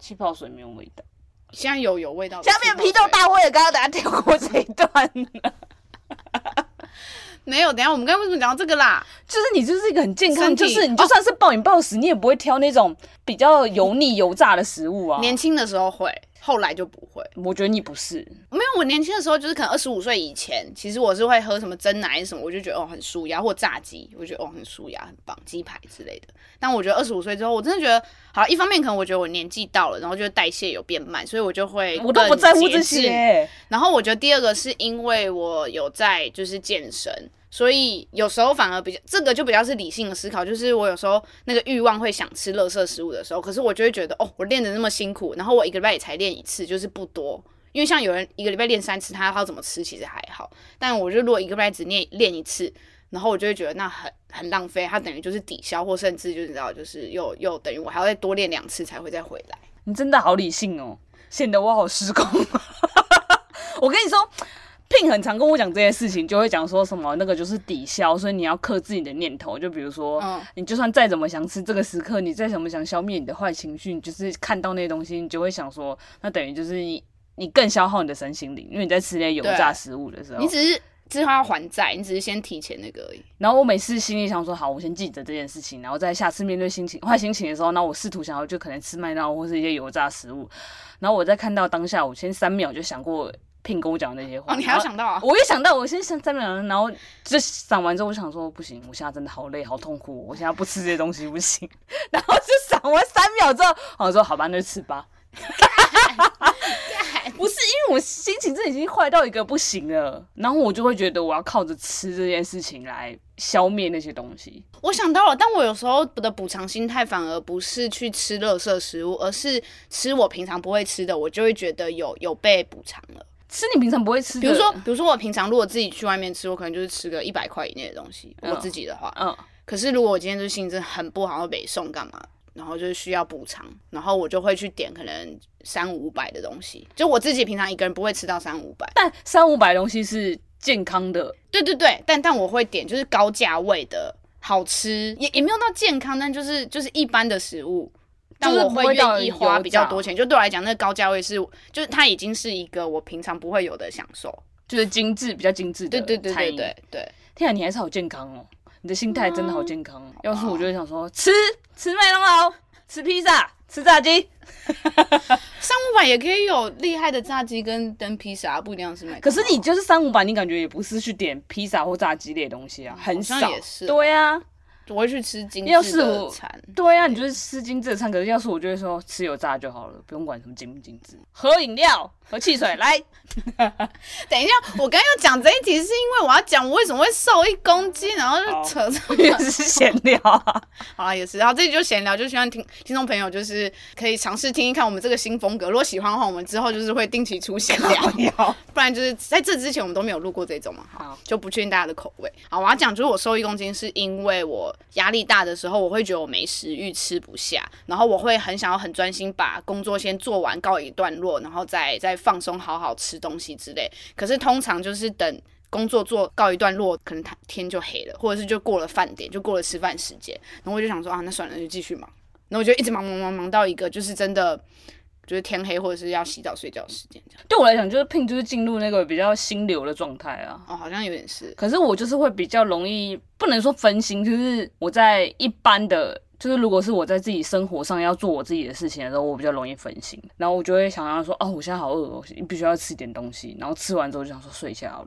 氣泡水沒有味道。香油有，有味道。下面批鬥大會，剛剛大家跳過這一段哈， 沒有，等一下我們剛剛為什麼講到這個啦？就是你就是一個很健康，體就是你就算是暴飲暴食，你也不會挑那種比較油膩油炸的食物啊。年輕的時候會。後來就不會，我覺得你不是，沒有。我年輕的時候就是可能二十五歲以前，其實我是會喝什麼珍奶什麼，我就覺得哦很舒壓，或炸雞，我覺得哦很舒壓很棒，雞排之類的。但我覺得二十五歲之後，我真的覺得好。一方面可能我覺得我年紀到了，然後就代謝有變慢，所以我就會我都不在乎這些、欸。然後我覺得第二個是因為我有在就是健身。所以有時候反而比較，這個就比較是理性的思考。就是我有時候那個慾望會想吃垃圾食物的時候，可是我就會覺得，哦，我練得那麼辛苦，然後我一個禮拜也才練一次，就是不多。因為像有人一個禮拜練三次，他他怎麼吃其實還好。但我就如果一個禮拜只練練一次，然後我就會覺得那很很浪費。他等於就是抵消，或甚至就是你知道就是又又等於我還要再多練兩次才會再回來。你真的好理性哦，顯得我好失控。 我跟你說。Pin 很常跟我講這件事情，就會講說什麼，那個就是抵消，所以你要克制你的念頭。就比如說，你就算再怎麼想吃，這個時刻你再怎麼想消滅你的壞情緒，就是看到那些東西，你就會想說，那等於就是你你更消耗你的身心靈，因為你在吃那些油炸食物的時候，你只是只是要還債，你只是先提前那個而已。然後我每次心裡想說，好，我先記着這件事情，然後在下次面對心情壞心情的時候，那我試圖想要就可能吃麥當勞或是一些油炸食物，然後我在看到當下，我先三秒就想過。聘跟我講那些話，哦、後你還要想到啊？我一想到，我先想三秒鐘，然後就想完之後，我想說不行，我現在真的好累，好痛苦，我現在不吃這些東西不行。 然後就賞完三秒之後，我說好吧，那就吃吧。 不是因為我心情真的已經壞到一個不行了，然後我就會覺得我要靠着吃這件事情來消滅那些東西。我想到了，但我有時候我的補償心態反而不是去吃垃圾食物，而是吃我平常不會吃的，我就會覺得有有被補償了。吃你平常不會吃的，比如說，比如說我平常如果自己去外面吃，我可能就是吃個一百塊以內的東西。Oh, 我自己的話，嗯，oh. 可是如果我今天就是心情很不好，然後被送幹嘛，然後就是需要補償，然後我就會去點可能三五百的東西。就我自己平常一個人不會吃到三五百，但三五百東西是健康的，對對對。但但我會點就是高價位的，好吃也也沒有到健康，但就是就是一般的食物。但我會願意花比較多錢，就對我來講，那個、高價位是，就是它已經是一個我平常不會有的享受，就是精致，比較精致的餐飲。對,對對對對對。天啊，你還是好健康哦！你的心態真的好健康、哦。嗯啊、要是我就會想說，啊、吃吃麥當勞，吃披薩，吃, pizza, 吃炸雞， 三五百也可以有厲害的炸雞跟等披薩，不一定要吃麥。可是你就是三五百，你感覺也不是去點披薩或炸雞類的東西啊，很少。也是對啊。我會去吃精緻的餐。要是我，對呀、啊，你就是吃精緻的餐。可是對要是我，就會說吃油炸就好了，不用管什麼精不精緻。喝飲料。喝汽水來， 等一下，我剛要講這一題是因為我要講我為什麼會瘦一公斤，然後就扯這邊好是閒聊，好啦 也是，然後這裡就閒聊，就希望聽聽眾朋友就是可以嘗試聽一看我們這個新風格，如果喜歡的話，我們之後就是會定期出閒聊，不然就是在這之前我們都沒有錄過這種嘛，好，好，就不確定大家的口味，好，我要講就是我瘦一公斤是因為我壓力大的時候，我會覺得我沒食欲吃不下，然後我會很想要很專心把工作先做完告一段落，然後再再。放鬆，好好吃東西之類。可是通常就是等工作做告一段落，可能天就黑了，或者是就過了飯點，就過了吃飯時間。然後我就想說啊，那算了，就繼續忙。然後我就一直忙忙忙忙到一個就是真的覺得、就是、天黑或者是要洗澡睡覺的時間。對我來講，就是拼，就是進入那個比較心流的狀態啊。哦，好像有點是。可是我就是會比較容易，不能說分心，就是我在一般的。就是如果是我在自己生活上要做我自己的事情的時候，我比較容易分心，然後我就會想要說，哦，我現在好餓，我必須要吃一點東西，然後吃完之後就想說睡覺了。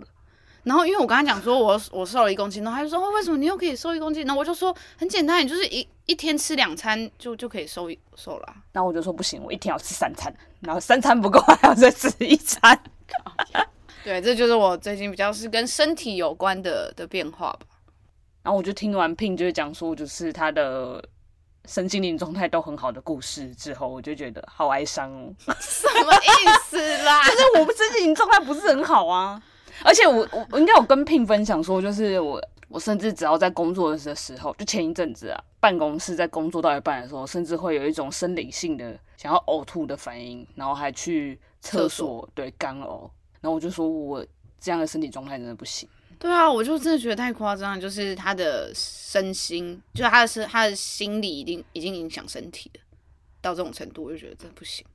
然後因為我剛才講說我我瘦了一公斤，然後他就說，哦，為什麼你又可以瘦一公斤？然後我就說，很簡單，你就是一一天吃兩餐就就可以瘦瘦了啊。然後我就說不行，我一天要吃三餐，然後三餐不夠還要再吃一餐。 對，這就是我最近比較是跟身體有關的的變化吧。然後我就聽完 Pin 就是講說，就是他的身心靈狀態都很好的故事之後，我就覺得好哀傷哦。什麼意思啦？就 是我們身心靈狀態不是很好啊。 而且我我我應該有跟聘分享說，就是我我甚至只要在工作的時候，就前一陣子啊，辦公室在工作到一半的時候，甚至會有一種生理性的想要嘔吐的反應，然後還去廁所，所對乾嘔。然後我就說我這樣的身體狀態真的不行。對啊，我就真的覺得太誇張了，就是他的身心，就是他的身，他的心理一定已經影響身體了，到這種程度，我就覺得真的不行。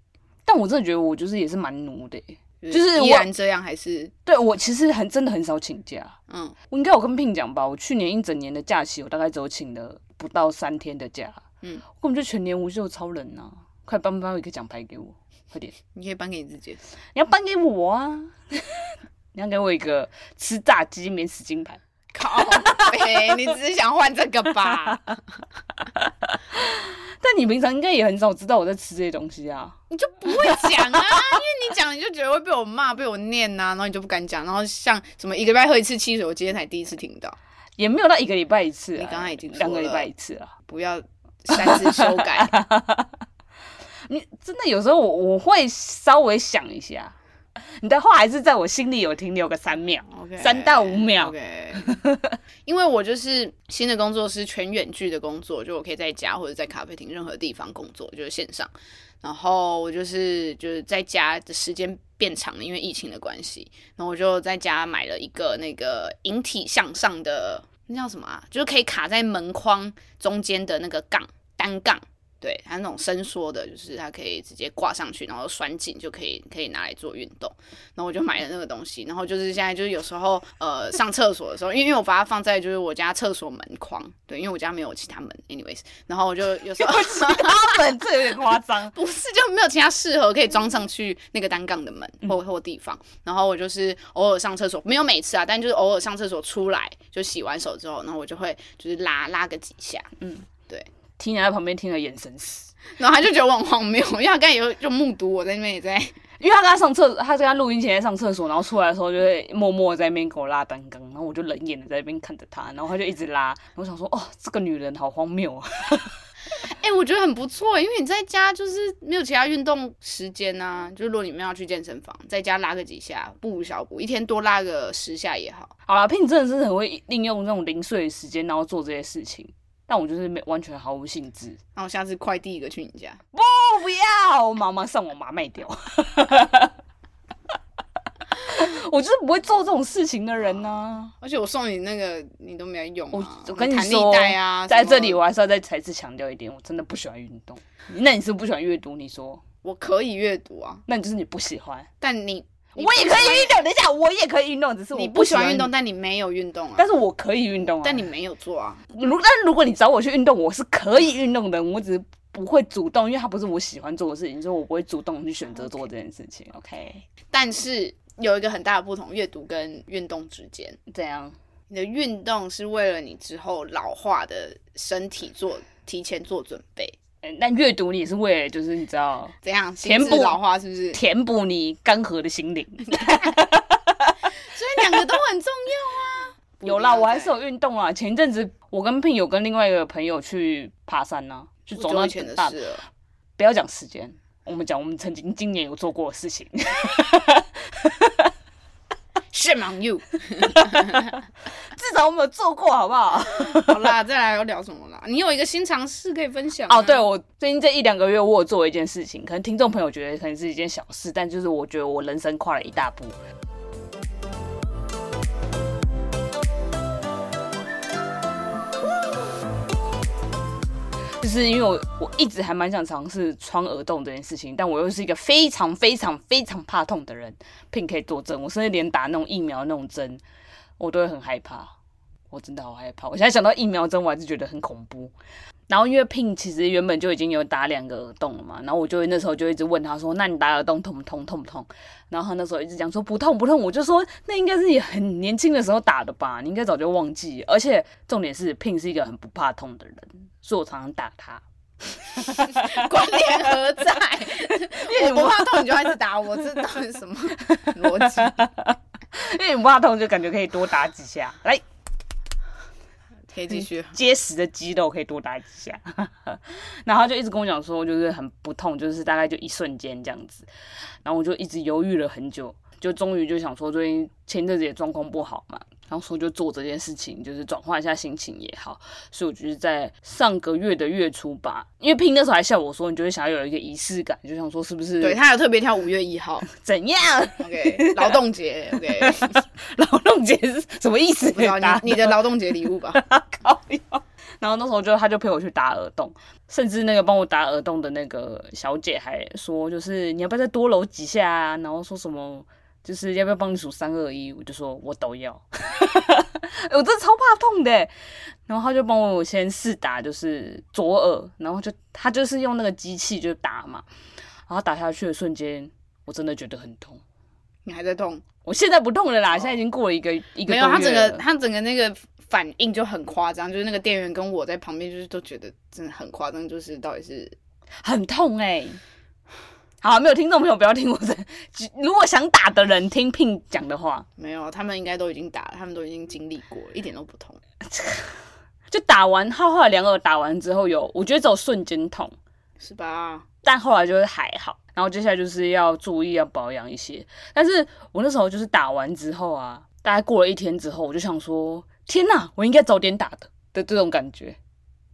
但我真的覺得我就是也是蠻奴的，欸，就是依然這樣還是我對我其實很真的很少請假。嗯，我應該有跟聘講吧？我去年一整年的假期，我大概只有請了不到三天的假。嗯，我感覺全年無休超人吶，啊！快頒頒一個獎牌給我，快點！ 你可以頒給你自己，你要頒給我啊！ 你要給我一個吃炸雞免死金牌，靠！你只是想換這個吧？ 但你平常應該也很少知道我在吃這些東西啊。你就不會講啊？ 因為你講你就覺得會被我罵、被我念啊，然後你就不敢講。然後像什麼一個禮拜喝一次汽水，我今天才第一次聽到，也沒有到一個禮拜一次、啊。你剛剛已經三個禮拜一次了、啊，不要擅自修改。 你真的有時候我我會稍微想一下。你的話還是在我心裡有停留個三秒，okay, 三到五秒。Okay. 因為我就是新的工作是全遠距的工作，就我可以在家或者在咖啡廳任何地方工作，就是線上。然後我就是就是在家的時間變長了，因為疫情的關係。然後我就在家買了一個那個引體向上的那叫什麼啊？就是可以卡在門框中間的那個槓，單槓。對，它那種伸縮的，就是它可以直接掛上去，然後拴緊就可以，可以拿來做運動。然後我就買了那個東西，然後就是現在就是有時候，呃，上廁所的時候，因為我把它放在就是我家廁所門框，對，因為我家沒有其他門，anyways。然後我就有時候有其他門 這有點誇張，不是，就沒有其他適合可以裝上去那個單槓的門或或地方。然後我就是偶爾上廁所，沒有每次啊，但就是偶爾上廁所出來，就洗完手之後，然後我就會就是拉拉個幾下，嗯，對。聽你在旁邊聽的眼神死，然後他就覺得我很荒謬，因為他剛才也就目睹我在那邊也在， 因為他剛剛上廁，他在他錄音前在上廁所，然後出來的時候就會默默在那邊給我拉單槓，然後我就冷眼的在那邊看着他，然後他就一直拉，我想說哦，這個女人好荒謬啊。哎、 欸，我覺得很不錯，因為你在家就是沒有其他運動時間啊，就如果你沒有要去健身房，在家拉個幾下，不無小補，一天多拉個十下也好好啦，Pin 真的是很會利用這種零碎的時間，然後做這些事情。但我就是沒完全毫無興致，那我下次快遞一個去你家，不不要，我馬上上我媽賣掉。 我就是不會做這種事情的人呢、啊啊，而且我送你那個你都沒有用啊。我跟你說，啊、在這裡我還是要再再次強調一點，麼我真的不喜歡運動。那你是不是不喜歡閱讀？你說我可以閱讀啊，那你就是你不喜歡。但你。我也可以運動，等一下我也可以運動，只是我不喜歡，你不喜歡運動，但你沒有運動啊。但是我可以運動啊。但你沒有做啊。如但是如果你找我去運動，我是可以運動的，我只是不會主動，因為它不是我喜歡做的事情，所以我不會主動去選擇做這件事情。OK。Okay. 但是有一個很大的不同，閱讀跟運動之間，怎樣、啊？你的運動是為了你之後老化的身體做提前做準備。但閱讀你也是為了，就是你知道怎樣填補花，是不是填補你乾涸的心靈？所以兩個都很重要啊。有啦，我還是有運動啊。前陣子我跟朋友跟另外一個朋友去爬山呢、啊，去走到很遠。不要講時間，我們講我們曾經今年有做過的事情。Shame on you！ 至少我們有做過，好不好？好啦，再來要聊什麼啦？你有一個新嘗試可以分享，啊、哦。對，我最近這一兩個月，我有做一件事情，可能聽眾朋友覺得可能是一件小事，但就是我覺得我人生跨了一大步。就是因為我我一直還蠻想嘗試穿耳洞這件事情，但我又是一個非常非常非常怕痛的人，並可以作證。我甚至連打那種疫苗那種針，我都會很害怕。我真的好害怕，我現在想到疫苗針，我還是覺得很恐怖。然後因為 Pin 其實原本就已經有打兩個耳洞了嘛，然後我就那時候就一直問他說：“那你打耳洞痛不痛？痛不痛？”然後他那時候一直講說：“不痛不痛。”我就說：“那應該是你很年輕的時候打的吧？你應該早就忘記。”而且重點是 Pin 是一個很不怕痛的人，所以我常常打他。 關聯何在？ 因為你不怕痛，你就一直打我，這到底什麼邏輯？ 因為你不怕痛，就感覺可以多打幾下來。可以繼續，結實的肌肉可以多打幾下， 然後就一直跟我講說，就是很不痛，就是大概就一瞬間這樣子，然後我就一直猶豫了很久，就終於就想說，最近前陣子也狀況不好嘛。然後就做這件事情，就是轉換一下心情也好。所以我就是在上個月的月初吧，因為拼的時候還笑我說，你就是想要有一個儀式感，就想說是不是？對，他有特別挑五月一號，怎樣？OK，勞動節，OK，勞動節是什麼意思？沒有，你你的勞動節禮物吧， 然後那時候就他就陪我去打耳洞，甚至那個幫我打耳洞的那個小姐還說，就是你要不要再多揉幾下啊？然後說什麼？就是要不要幫你數三二一？我就說，我都要。 欸、我真的超怕痛的、欸。然後他就幫我先試打，就是左耳，然後就他就是用那個機器就打嘛。然後打下去的瞬間，我真的覺得很痛。你還在痛？我現在不痛了啦，現在已經過了一個一個月。沒有，他整個他整個那個反應就很誇張，就是那個店員跟我在旁邊，就是都覺得真的很誇張，就是到底是很痛哎、欸。好、啊，沒有聽眾朋友不要聽我的。如果想打的人聽 Pin 講的話，沒有，他們應該都已經打了，他們都已經經歷過 一點都不痛。 就打完，後來兩個打完之後有，我覺得只有瞬間痛，是吧？但後來就是還好，然後接下來就是要注意要保養一些。但是我那時候就是打完之後啊，大概過了一天之後，我就想說，天吶、啊，我應該早點打的的這種感覺。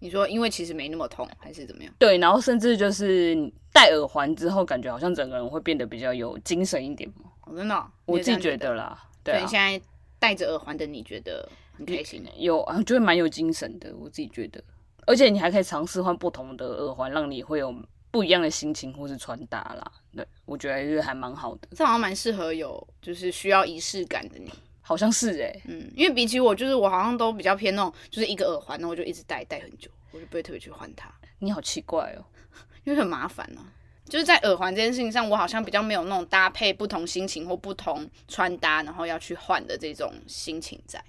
你說因為其實沒那麼痛，還是怎麼樣？對，然後甚至就是戴耳環之後，感覺好像整個人會變得比較有精神一點。Oh，哦。真的，我自己覺得啦。得對、啊、所以現在戴着耳環的你覺得很開心呢？Okay, 有啊，就會蠻有精神的，我自己覺得。而且你還可以嘗試換不同的耳環，讓你會有不一樣的心情或是穿搭啦。對，我覺得就是還蠻好的。這好像蠻適合有就是需要儀式感的你。好像是哎、欸，嗯，因為比起我，就是我好像都比較偏那種，就是一個耳環，然後我就一直戴戴很久，我就不會特別去換它。你好奇怪哦， 因為很麻煩呢、啊。就是在耳環這件事情上，我好像比較沒有那種搭配不同心情或不同穿搭，然後要去換的這種心情在。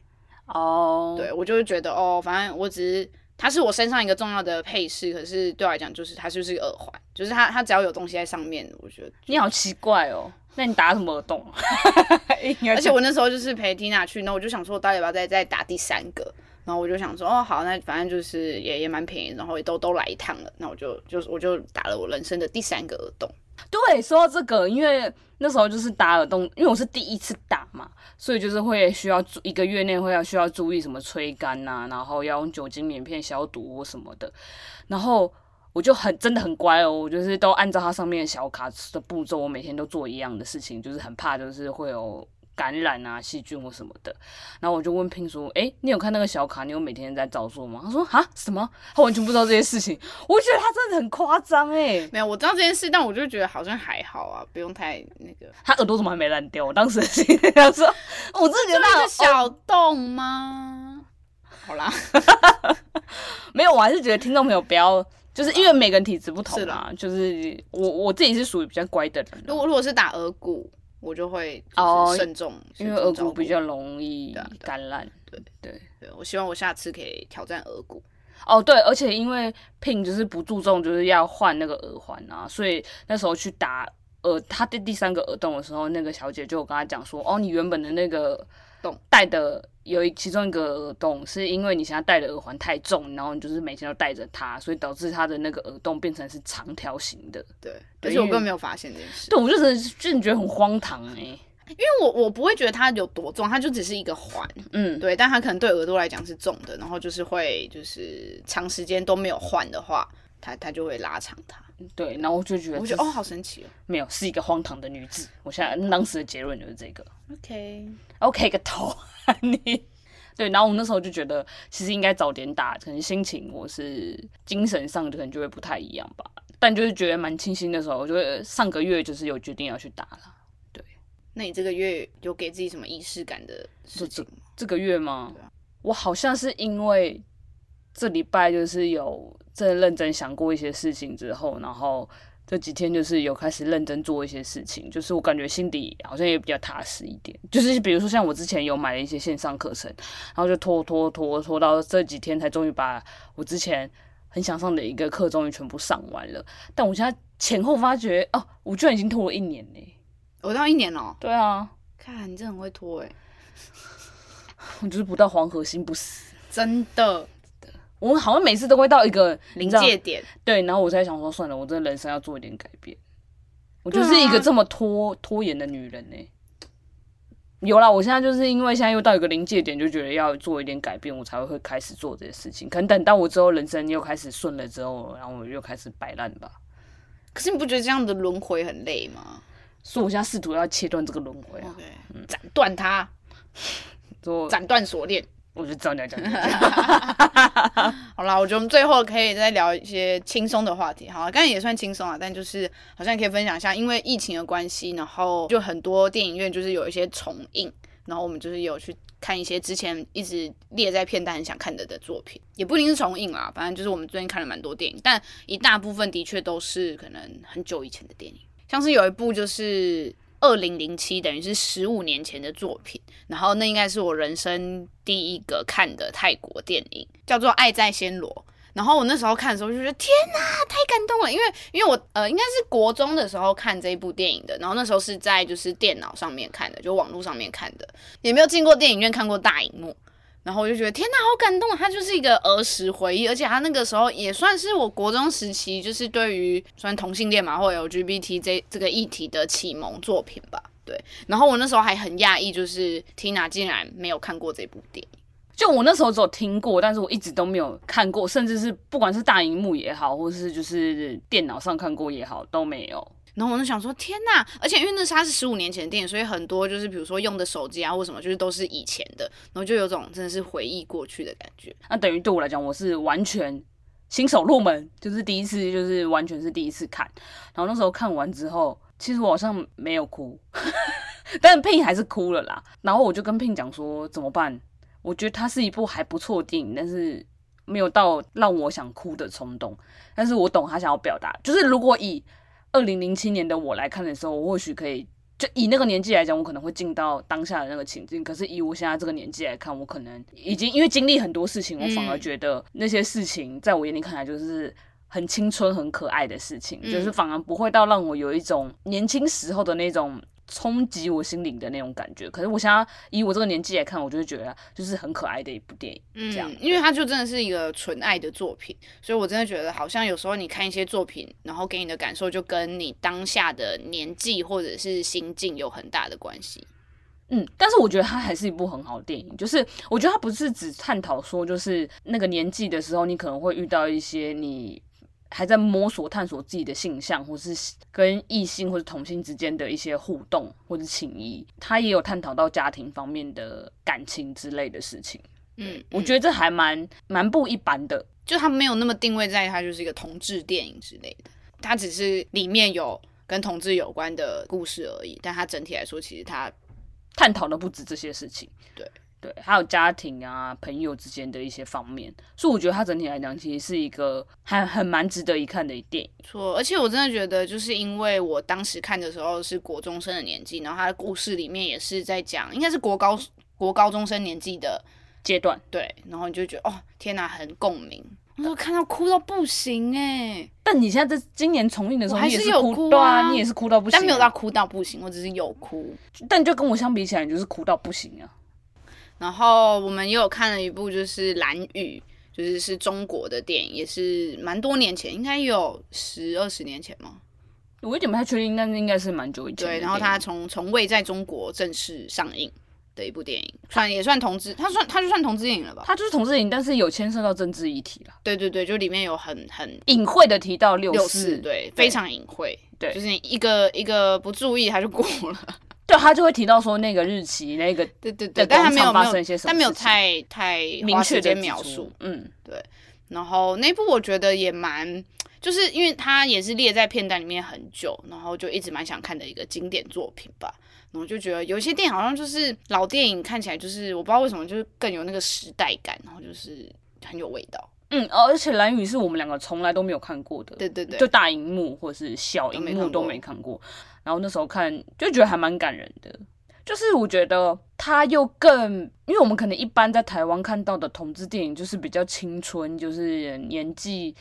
哦，oh. 對，我就會覺得哦，反正我只是它是我身上一個重要的配飾，可是對我來講就是它就是一個耳環，就是它它只要有東西在上面，我覺得、就是、你好奇怪哦。那你打什麼耳洞？ 而且我那時候就是陪 Tina 去，那我就想說到底要不要，我大不了再再打第三個。然後我就想說，哦好，那反正就是也也蠻便宜，然後也都都來一趟了，那我就就是我就打了我人生的第三個耳洞。對，說到這個，因為那時候就是打耳洞，因為我是第一次打嘛，所以就是會需要一個月內會要需要注意什麼吹乾啊，然後要用酒精棉片消毒什麼的，然後。我就很真的很乖哦，我就是都按照它上面的小卡的步驟，我每天都做一樣的事情，就是很怕就是會有感染啊、細菌或什麼的。然後我就問拼說：“哎、欸，你有看那個小卡？你有每天在照做嗎？”他說：“啊，什麼？他完全不知道這件事情。”我覺得他真的很誇張哎。沒有，我知道這件事，但我就覺得好像還好啊，不用太那個。他耳朵怎麼還沒爛掉？我當時的心裡想說：“我自己覺得那個小洞嗎？”哦、好啦， 沒有，我還是覺得聽眾朋友不要。就是因為每個人體質不同、啊、是啦，就是我我自己是屬於比較乖的人、啊。如果如果是打耳骨，我就會就慎重，哦、因為耳骨比較容易感染。對、啊、染、對對，對，我希望我下次可以挑戰耳骨。哦，對，而且因為 Pink 就是不注重，就是要換那個耳環啊，所以那時候去打耳他的第三個耳洞的時候，那個小姐就跟他講說：“哦，你原本的那個洞戴的。”有一，其中一個耳洞，是因為你現在戴的耳環太重，然後你就是每天都戴着它，所以導致它的那個耳洞變成是長條形的。對，但是我根本沒有發現這件事。對，我就真的是覺得很荒唐欸，因為我我不會覺得它有多重，它就只是一個環，嗯，對，但它可能對耳朵來講是重的，然後就是會就是長時間都沒有換的話。他他就會拉長他，對，對的然後我就覺得，我覺得哦，好神奇哦，沒有，是一個荒唐的女子。嗯、我現在當時的結論就是這個。OK，OK Okay.、okay, 個頭啊 你，對，然後我那時候就覺得，其實應該早點打，可能心情我是精神上就可能就會不太一樣吧，但就是覺得蠻慶幸的時候，我就上個月就是有決定要去打了。對，那你這個月有給自己什麼儀式感的事情這？這個月嗎？啊、我好像是因為這禮拜就是有。在認真想過一些事情之後，然後這幾天就是有開始認真做一些事情，就是我感覺心底好像也比較踏實一點。就是比如說像我之前有買了一些線上課程，然後就拖拖拖拖到這幾天才終於把我之前很想上的一個課終於全部上完了。但我現在前後發覺哦、啊，我居然已經拖了一年嘞、欸！我到一年哦？對啊，看你真的很會拖誒、欸。 我就是不到黃河心不死，真的。我好像每次都會到一個臨界點，對，然後我才想說算了，我這人生要做一點改變。啊、我就是一個這麼拖拖延的女人呢、欸。有啦，我現在就是因為現在又到一個臨界點，就覺得要做一點改變，我才會會開始做這些事情。可能等到我之後人生又開始順了之後，然後我又開始擺爛吧。可是你不覺得這樣的輪迴很累嗎？所以我現在試圖要切斷這個輪迴、啊，okay, 斬斷它，嗯、斬斷鎖鏈。我就知道你要講。好啦，我覺得我們最後可以再聊一些輕鬆的話題。好，剛才也算輕鬆啊，但就是好像可以分享一下，因為疫情的關係，然後就很多電影院就是有一些重映，然後我們就是有去看一些之前一直列在片單很想看的的作品，也不一定是重映啦，反正就是我們最近看了蠻多電影，但一大部分的確都是可能很久以前的電影，像是有一部就是。二零零七，等於是十五年前的作品，然後那應該是我人生第一個看的泰國電影，叫做《愛在暹羅》。然後我那時候看的時候就覺得天哪，太感動了，因為因為我呃應該是國中的時候看這一部電影的，然後那時候是在就是電腦上面看的，就網絡上面看的，也沒有進過電影院看過大熒幕。然後我就覺得天哪，好感動！它就是一個兒時回憶，而且它那個時候也算是我國中時期，就是對於雖然同性戀嘛，或 LGBT 這這個議題的啟蒙作品吧。對，然後我那時候還很訝異，就是 Tina 竟然沒有看過這部電影，就我那時候只有聽過，但是我一直都沒有看過，甚至是不管是大熒幕也好，或是就是電腦上看過也好，都沒有。然後我就想說，天哪！而且因為那是它是十五年前的電影，所以很多就是比如說用的手機啊，或什麼就是都是以前的，然後就有種真的是回憶過去的感覺。那等於對我來講，我是完全新手入門，就是第一次，就是完全是第一次看。然後那時候看完之後，其實我好像沒有哭， 但聘還是哭了啦。然後我就跟聘講說，怎麼辦？我覺得它是一部還不錯的電影，但是沒有到讓我想哭的衝動。但是我懂他想要表達，就是如果以二零零七年的我來看的時候，我或許可以就以那個年紀來講，我可能會進到當下的那個情境。可是以我現在這個年紀來看，我可能已經因為經歷很多事情，我反而覺得那些事情在我眼裡看來就是很青春、很可愛的事情，就是反而不會到讓我有一種年輕時候的那種。衝擊我心靈的那種感覺，可是我想要以我這個年紀來看，我就會覺得就是很可愛的一部電影，嗯，這樣。因為它就真的是一個純愛的作品，所以我真的覺得好像有時候你看一些作品，然後給你的感受就跟你當下的年紀或者是心境有很大的關係。嗯，但是我覺得它還是一部很好的電影，就是我覺得它不是只探討說就是那個年紀的時候你可能會遇到一些你還在摸索探索自己的性向，或是跟異性或者同性之間的一些互動或者情誼。他也有探討到家庭方面的感情之類的事情。嗯，嗯，我覺得這還蠻蠻不一般的，就他沒有那麼定位在他就是一個同志電影之類的，他只是裡面有跟同志有關的故事而已。但他整體來說，其實他探討的不止這些事情。對。對，還有家庭啊、朋友之間的一些方面，所以我覺得它整體來講其實是一個還很蠻值得一看的一電影。錯，而且我真的覺得，就是因為我當時看的時候是國中生的年紀，然後它的故事裡面也是在講，應該是國高國高中生年紀的階段。對，然後你就覺得哦，天哪、啊，很共鳴，哦、對我就看到哭到不行哎、欸！但你現在在今年重映的時候你也是哭啊，你也是哭到不行、啊，但沒有到哭到不行，我只是有哭。就但你就跟我相比起來，你就是哭到不行啊！然後我們也有看了一部，就是《藍宇》，就是是中國的電影，也是蠻多年前，應該有十二十年前嗎？我有點不太確定，但是應該是蠻久以前。對，然後他從從未在中國正式上映的一部電影，算也算同志，他算他就算同志電影了吧？他就是同志影，但是有牽涉到政治議題了。對對對，就裡面有很很隱晦的提到六四，對，非常隱晦，對，就是你一個一個不注意他就過了。對他就會提到說那個日期，對對對，那個對對對，但他沒有發生一些什麼，他沒有太太明確的描述，嗯，對。然後那部我覺得也蠻，就是因為它也是列在片單裡面很久，然後就一直蠻想看的一個經典作品吧。然後就覺得有些電影好像就是老電影，看起來就是我不知道為什麼就是更有那個時代感，然後就是很有味道。嗯、哦，而且藍宇是我們兩個從來都沒有看過的，對對對，就大熒幕或者是小熒幕都沒看過。對對對，嗯然後那時候看就覺得還蠻感人的，就是我覺得他又更，因為我們可能一般在台灣看到的同志電影就是比較青春，就是年紀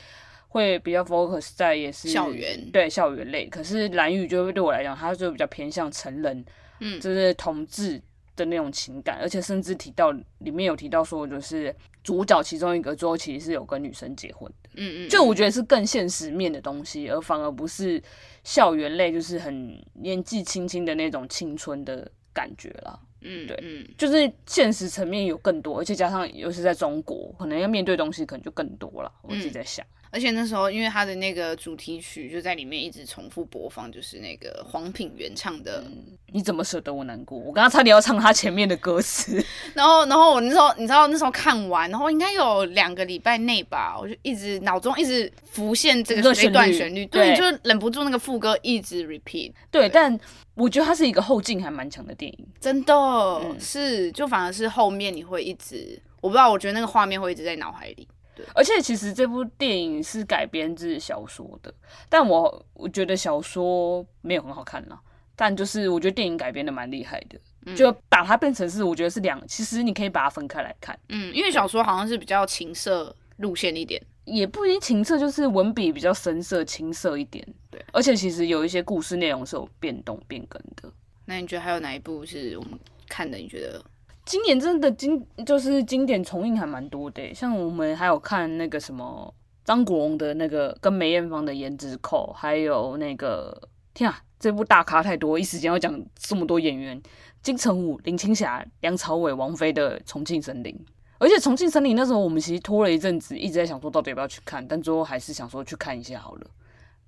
會比較 focus 在也是校園，對校園類，可是藍宇就對我來講，他就比較偏向成人，嗯，就是同志的那種情感，而且甚至提到裡面有提到說，就是主角其中一個最後其實是有跟女生結婚的，嗯，嗯嗯，就我覺得是更現實面的東西，而反而不是。校園類就是很年紀輕輕的那種青春的感覺啦，嗯，對，嗯，就是現實層面有更多，而且加上尤其是在中國，可能要面對東西可能就更多啦，我自己在想。嗯而且那時候，因為他的那個主題曲就在裡面一直重複播放，就是那個黃品原源唱的《你怎麼捨得我難過》。我剛剛差點要唱他前面的歌詞。然後，然後我那時候，你知道那時候看完，然後應該有兩個禮拜內吧，我就一直腦中一直浮現這個這段旋律對，就忍不住那個副歌一直 repeat。對，但我覺得它是一個後勁還蠻強的電影，真的是，就反而是後面你會一直，我不知道，我覺得那個畫面會一直在腦海裡。對而且其實這部電影是改編自小說的，但我我覺得小說沒有很好看啦。但就是我覺得電影改編的蠻厲害的，嗯、就把它變成是我覺得是兩。其實你可以把它分開來看，嗯，因為小說好像是比較情色路線一點，也不一定情色，就是文筆比較深色，青澀一點。對，而且其實有一些故事內容是有變動變更的。那你覺得還有哪一部是我們看的？你覺得？今年真的經就是經典重映還蠻多的，像我們還有看那個什麼張國榮的那個跟梅艳芳的《胭脂扣》，還有那個天啊，這部大咖太多，一時間要講這麼多演員，金城武、林青霞、梁朝偉、王菲的《重慶森林》，而且《重慶森林》那時候我們其實拖了一陣子，一直在想說到底要不要去看，但最後還是想說去看一下好了。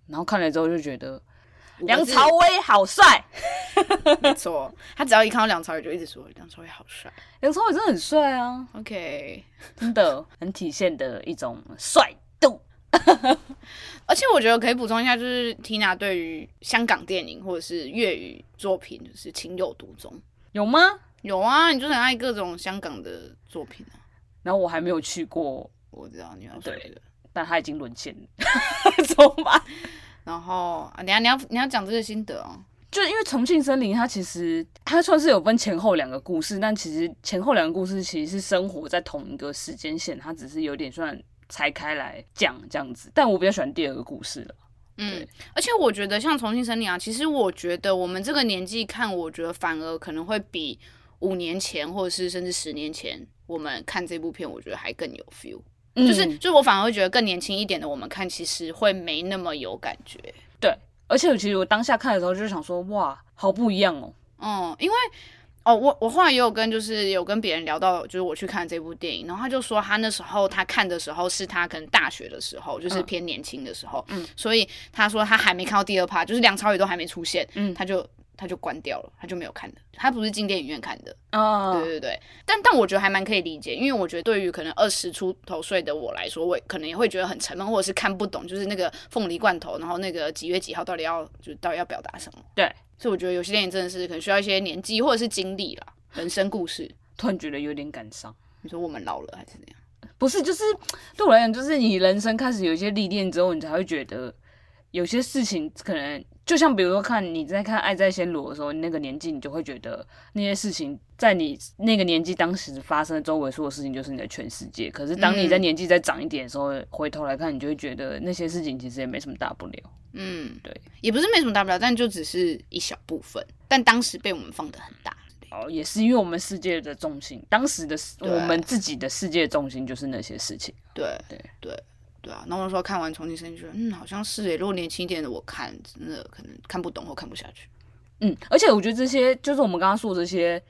然後看了之後就覺得。梁朝偉好帥， 沒錯，他只要一看到梁朝偉就一直說梁朝偉好帥。梁朝偉真的很帥啊，OK，真的很體現的一種帥度。 而且我覺得可以補充一下，就是 Tina 對於香港電影或者是粵語作品就是情有獨鍾，有嗎？有啊，你就很愛各種香港的作品啊。然後我還沒有去過，我知道你要說對的，對 但他已經淪陷了，怎 麼吧。然後啊，等下你要你要講這個心得哦。就因為《重慶森林》它其實它算是有分前後兩個故事，但其實前後兩個故事其實是生活在同一個時間線，它只是有點算拆開來講這樣子。但我比較喜歡第二個故事了。嗯，而且我覺得像《重慶森林》啊，其實我覺得我們這個年紀看，我覺得反而可能會比五年前或者是甚至十年前我們看這部片，我覺得還更有 feel。就是、嗯、就是，就我反而會覺得更年輕一點的，我們看其實會沒那麼有感覺。對，而且其實我當下看的時候就想說，哇，好不一樣哦。嗯，因為哦，我我後來也有跟就是有跟別人聊到，就是我去看這部電影，然後他就說他那時候他看的時候是他可能大學的時候，就是偏年輕的時候，嗯，所以他說他還沒看到第二趴，就是梁朝偉都還沒出現，嗯，他就。他就關掉了，他就沒有看的，他不是進電影院看的。Oh. 對對對，但但我覺得還蠻可以理解，因為我覺得對於可能二十出頭歲的我來說，我也可能也會覺得很沉悶，或者是看不懂，就是那個鳳梨罐頭，然後那個幾月幾號到底要，就到底要表達什麼？對，所以我覺得有些電影真的是可能需要一些年紀或者是經歷啦，人生故事，突然覺得有點感傷。你說我們老了還是怎樣？不是，就是對我來講，就是你人生開始有一些歷練之後，你才會覺得。有些事情可能就像比如說，看你在看《愛在暹羅》的時候，你那個年紀，你就會覺得那些事情在你那個年紀當時發生，周圍所有事情就是你的全世界。可是當你在年紀再長一點的時候，嗯、回頭來看，你就會覺得那些事情其實也沒什麼大不了。嗯，對，也不是沒什麼大不了，但就只是一小部分，但當時被我們放得很大。哦，也是因為我們世界的重心，當時的對我們自己的世界的重心就是那些事情。對對對。對對。對啊，然後我說看完《重慶森林》覺得，嗯，好像是誒。如果年輕一點的我看，真的可能看不懂或看不下去。嗯，而且我覺得這些就是我們剛剛說的這些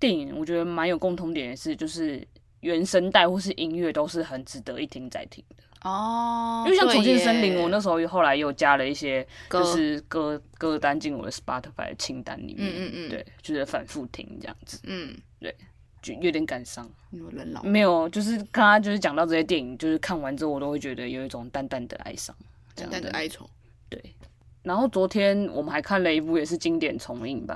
電影，我覺得蠻有共同點的是，就是原聲帶或是音樂都是很值得一聽再聽的哦。因為像《重慶森林》對耶，我那時候後來又加了一些，就是歌歌，歌單進我的 Spotify 的清單裡面，嗯嗯嗯，對，就是反覆聽這樣子，嗯，對。有點感傷，沒有，就是剛剛就是講到這些電影，就是看完之後我都會覺得有一種淡淡的哀傷，淡淡的哀愁。對，然後昨天我們還看了一部也是經典重映吧，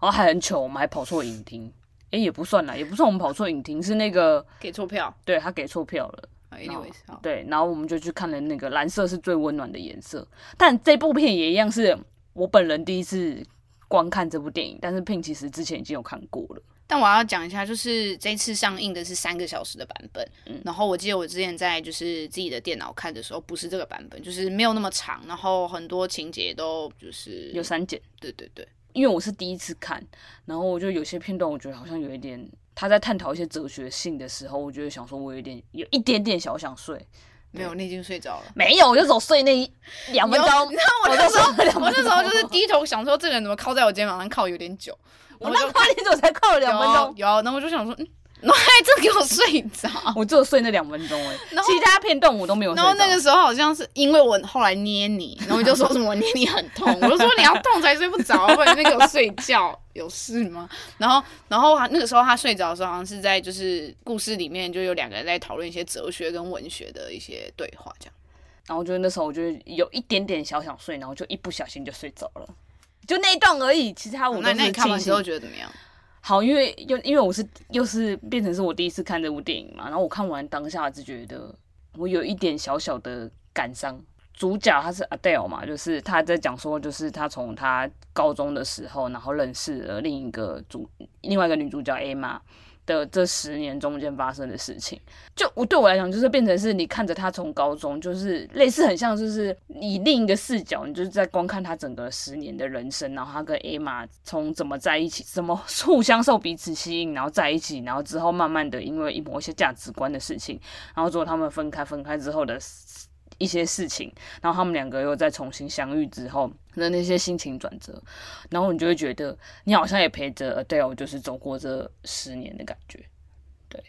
然後還很糗。我們還跑錯影廳，哎，也不算啦，也不算我們跑錯影廳，是那個給錯票，對，他給錯票了。Anyways，對，然後我們就去看了那個《藍色是最溫暖的顏色》，但這部片也一樣是我本人第一次觀看這部電影，但是 Pink 其實之前已經有看過了。但我要講一下，就是這次上映的是三個小時的版本。嗯，然後我記得我之前在就是自己的電腦看的時候，不是這個版本，就是沒有那麼長，然後很多情節都就是有刪減。對對對，因為我是第一次看，然後我就有些片段，我覺得好像有一點他在探討一些哲學性的時候，我就想說，我有點有一點點小想睡。沒有，那已經睡着了。沒有，我就走睡那一兩分鐘。那我那時候我那時候就是低頭想說，這個人怎麼靠在我肩膀上靠有點久。我在八點走才扣了兩分鐘，有，然後我就想說，嗯，那還真的給我睡着、啊，我就睡那兩分鐘哎、欸，其他片段我都沒有。然後那個時候好像是因為我後來捏你，然後我就說什麼捏你很痛， 我就說你要痛才睡不着， 不然你給我睡覺 有事嗎？然後，然後他那個時候他睡着的時候，好像是在就是故事裡面就有兩個人在討論一些哲學跟文學的一些對話這樣。然後我覺得那時候我就有一點點小小睡，然後就一不小心就睡着了。就那一段而已，其他我、啊、那那看完之後覺得怎麼樣？好，因為又因為我是又是變成是我第一次看這部電影嘛，然後我看完當下就覺得我有一點小小的感傷。主角她是 Adele 嘛，就是她在講說，就是她從她高中的時候，然後認識了另一個主，另外一個女主角 A 嘛。的這十年中間發生的事情，就我對我來講，就是變成是你看着他從高中，就是類似很像，就是以另一個視角，你就是在觀看他整個十年的人生，然後他跟艾瑪從怎麼在一起，怎麼互相受彼此吸引，然後在一起，然後之後慢慢的因為一某一些價值觀的事情，然後之後他們分開，分開之後的。一些事情，然後他們兩個又再重新相遇之後的那些心情轉折，然後你就會覺得你好像也陪着 Adele，就是走過這十年的感覺。對，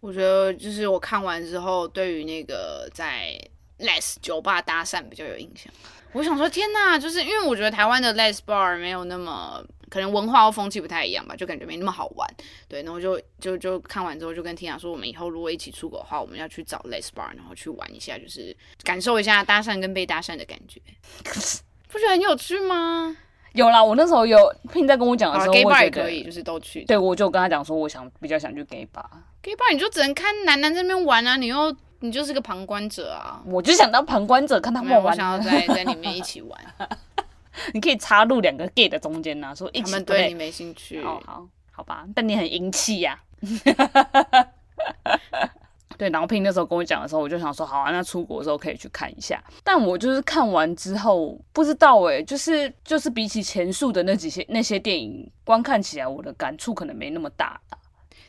我覺得就是我看完之後，對於那個在 Less 酒吧搭訕比較有印象。我想說，天哪，就是因為我覺得台灣的 Less Bar 沒有那麼。可能文化或風氣不太一樣吧，就感覺沒那麼好玩。對，然後就就就看完之後，就跟聽雅說，我們以後如果一起出國的話，我們要去找 Les Bar，然後去玩一下，就是感受一下搭訕跟被搭訕的感覺。 可是不覺得很有趣嗎？有啦，我那時候有聽你在跟我講的時候啦，Gay Bar 也可以，可以就是都去。對，我就跟他講說，我想比較想去 Gay Bar。Gay Bar 你就只能看男男這邊玩啊，你又你就是個旁觀者啊。我就想當旁觀者看他們玩。沒有，我想要在在裡面一起玩。 你可以插入兩個 gay 的中間吶、啊，說一直對你沒興趣。好好好吧，但你很英氣呀！ 對，然後 Pin 那時候跟我講的時候，我就想說，好啊，那出國的時候可以去看一下。但我就是看完之後不知道哎、欸，就是就是比起前述的那幾些那些電影，觀看起來我的感觸可能沒那麼大。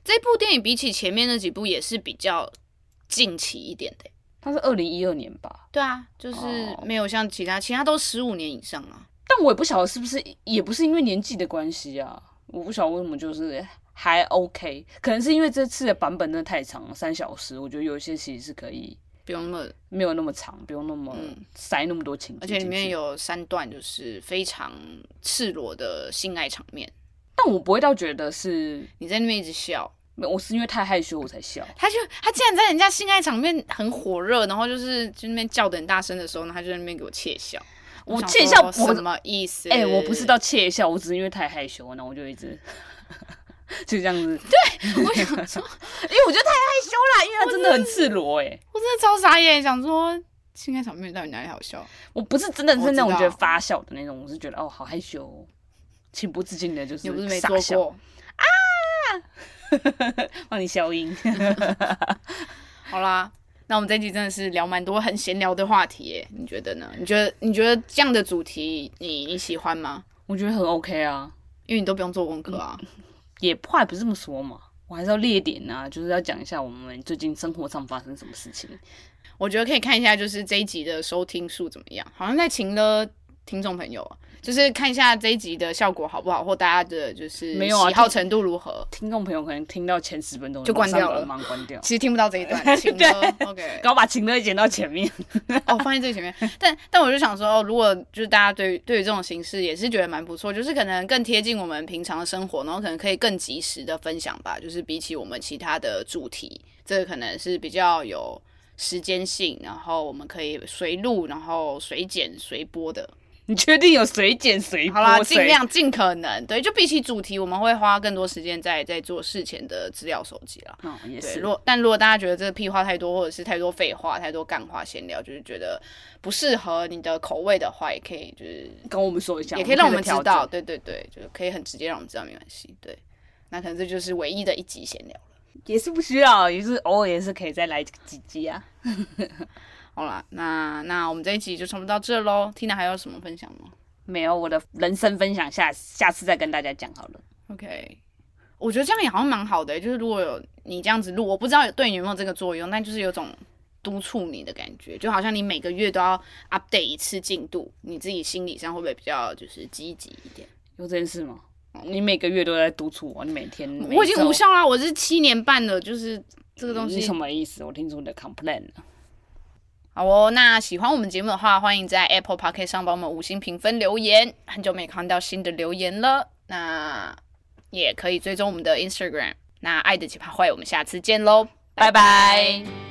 這部電影比起前面那幾部也是比較近期一點的、欸。它是二零一二年吧？對啊，就是沒有像其他其他都十五年以上啊。但我也不曉得是不是，也不是因為年紀的關係啊，我不曉得為什麼就是還 OK，可能是因為這次的版本真的太長了，三小時，我覺得有一些其實是可以不用那麼、啊、沒有那麼長，不用那麼塞那麼多情節、嗯、而且裡面有三段就是非常赤裸的性愛場面，但我不會倒覺得是你在那邊一直笑，我是因為太害羞我才笑，他就他竟然在人家性愛場面很火熱，然後就是就那邊叫的很大聲的時候，他就在那邊給我竊笑。我竊笑我什麼意思？哎、欸，我不是到竊笑，我只是因為太害羞，然後我就一直 就這樣子。對， 我想說，因為我覺得太害羞啦，因為他真的很赤裸哎、欸，我真的超傻眼，想說新開場面到底哪裡好笑？我不是真的，是那種覺得發笑的那種，我,我是覺得哦好害羞，情不自禁的就是傻笑你不是沒說過？啊？幫 你消音， 好啦。那我們這一集真的是聊蠻多很閒聊的話題耶，你覺得呢？你覺得你覺得這樣的主題你你喜歡嗎？我覺得很 OK 啊，因為你都不用做功課啊，嗯、也不壞，是這麼說嘛，我還是要列點啊，就是要講一下我們最近生活上發生什麼事情。我覺得可以看一下，就是這一集的收聽數怎麼樣，好像在請了聽眾朋友啊。就是看一下這一集的效果好不好，或大家的就是喜好程度如何。啊、聽眾朋友可能聽到前十分鐘就關掉了，忙關掉。其實聽不到這一段。 情歌對，OK。剛把情歌剪到前面，哦，放在最前面。 但但我就想說，如果就是大家對對於這種形式也是覺得蠻不錯，就是可能更貼近我們平常的生活，然後可能可以更及時的分享吧。就是比起我們其他的主題，這個可能是比較有時間性，然後我們可以隨錄，然後隨剪隨播的。你確定有隨剪隨播？好啦，盡量盡可能，對，就比起主題，我們會花更多時間在在做事前的資料收集了。哦，也是。但，如果大家覺得這個屁話太多，或者是太多廢話、太多幹話閒聊，就是覺得不適合你的口味的話，也可以就是跟我們說一下，也可以讓我們知道。調對對對，就可以很直接讓我們知道，沒關係。對，那可能這就是唯一的一集閒聊了。也是不需要，也是偶爾也是可以再來幾集啊。 好了，那那我們這一集就差不多到這嘍。緹娜還有什麼分享嗎？沒有，我的人生分享下下次再跟大家講好了。OK，我覺得這樣也好像蠻好的欸，就是如果有你這樣子錄，我不知道對你有沒有這個作用，但就是有種督促你的感覺，就好像你每個月都要 update 一次進度，你自己心理上會不會比較就是積極一點？有這件事嗎？Okay. 你每個月都在督促我，你每天每一周，我已經無效了，我是七年半了，就是這個東西。你什麼意思？我聽出你的 complain 了。好哦，那喜歡我們節目的話，歡迎在 Apple Podcast 上幫我們五星評分留言。很久沒看到新的留言了，那也可以追蹤我們的 Instagram。那愛的幾趴火，我們下次見嘍，拜拜。拜拜。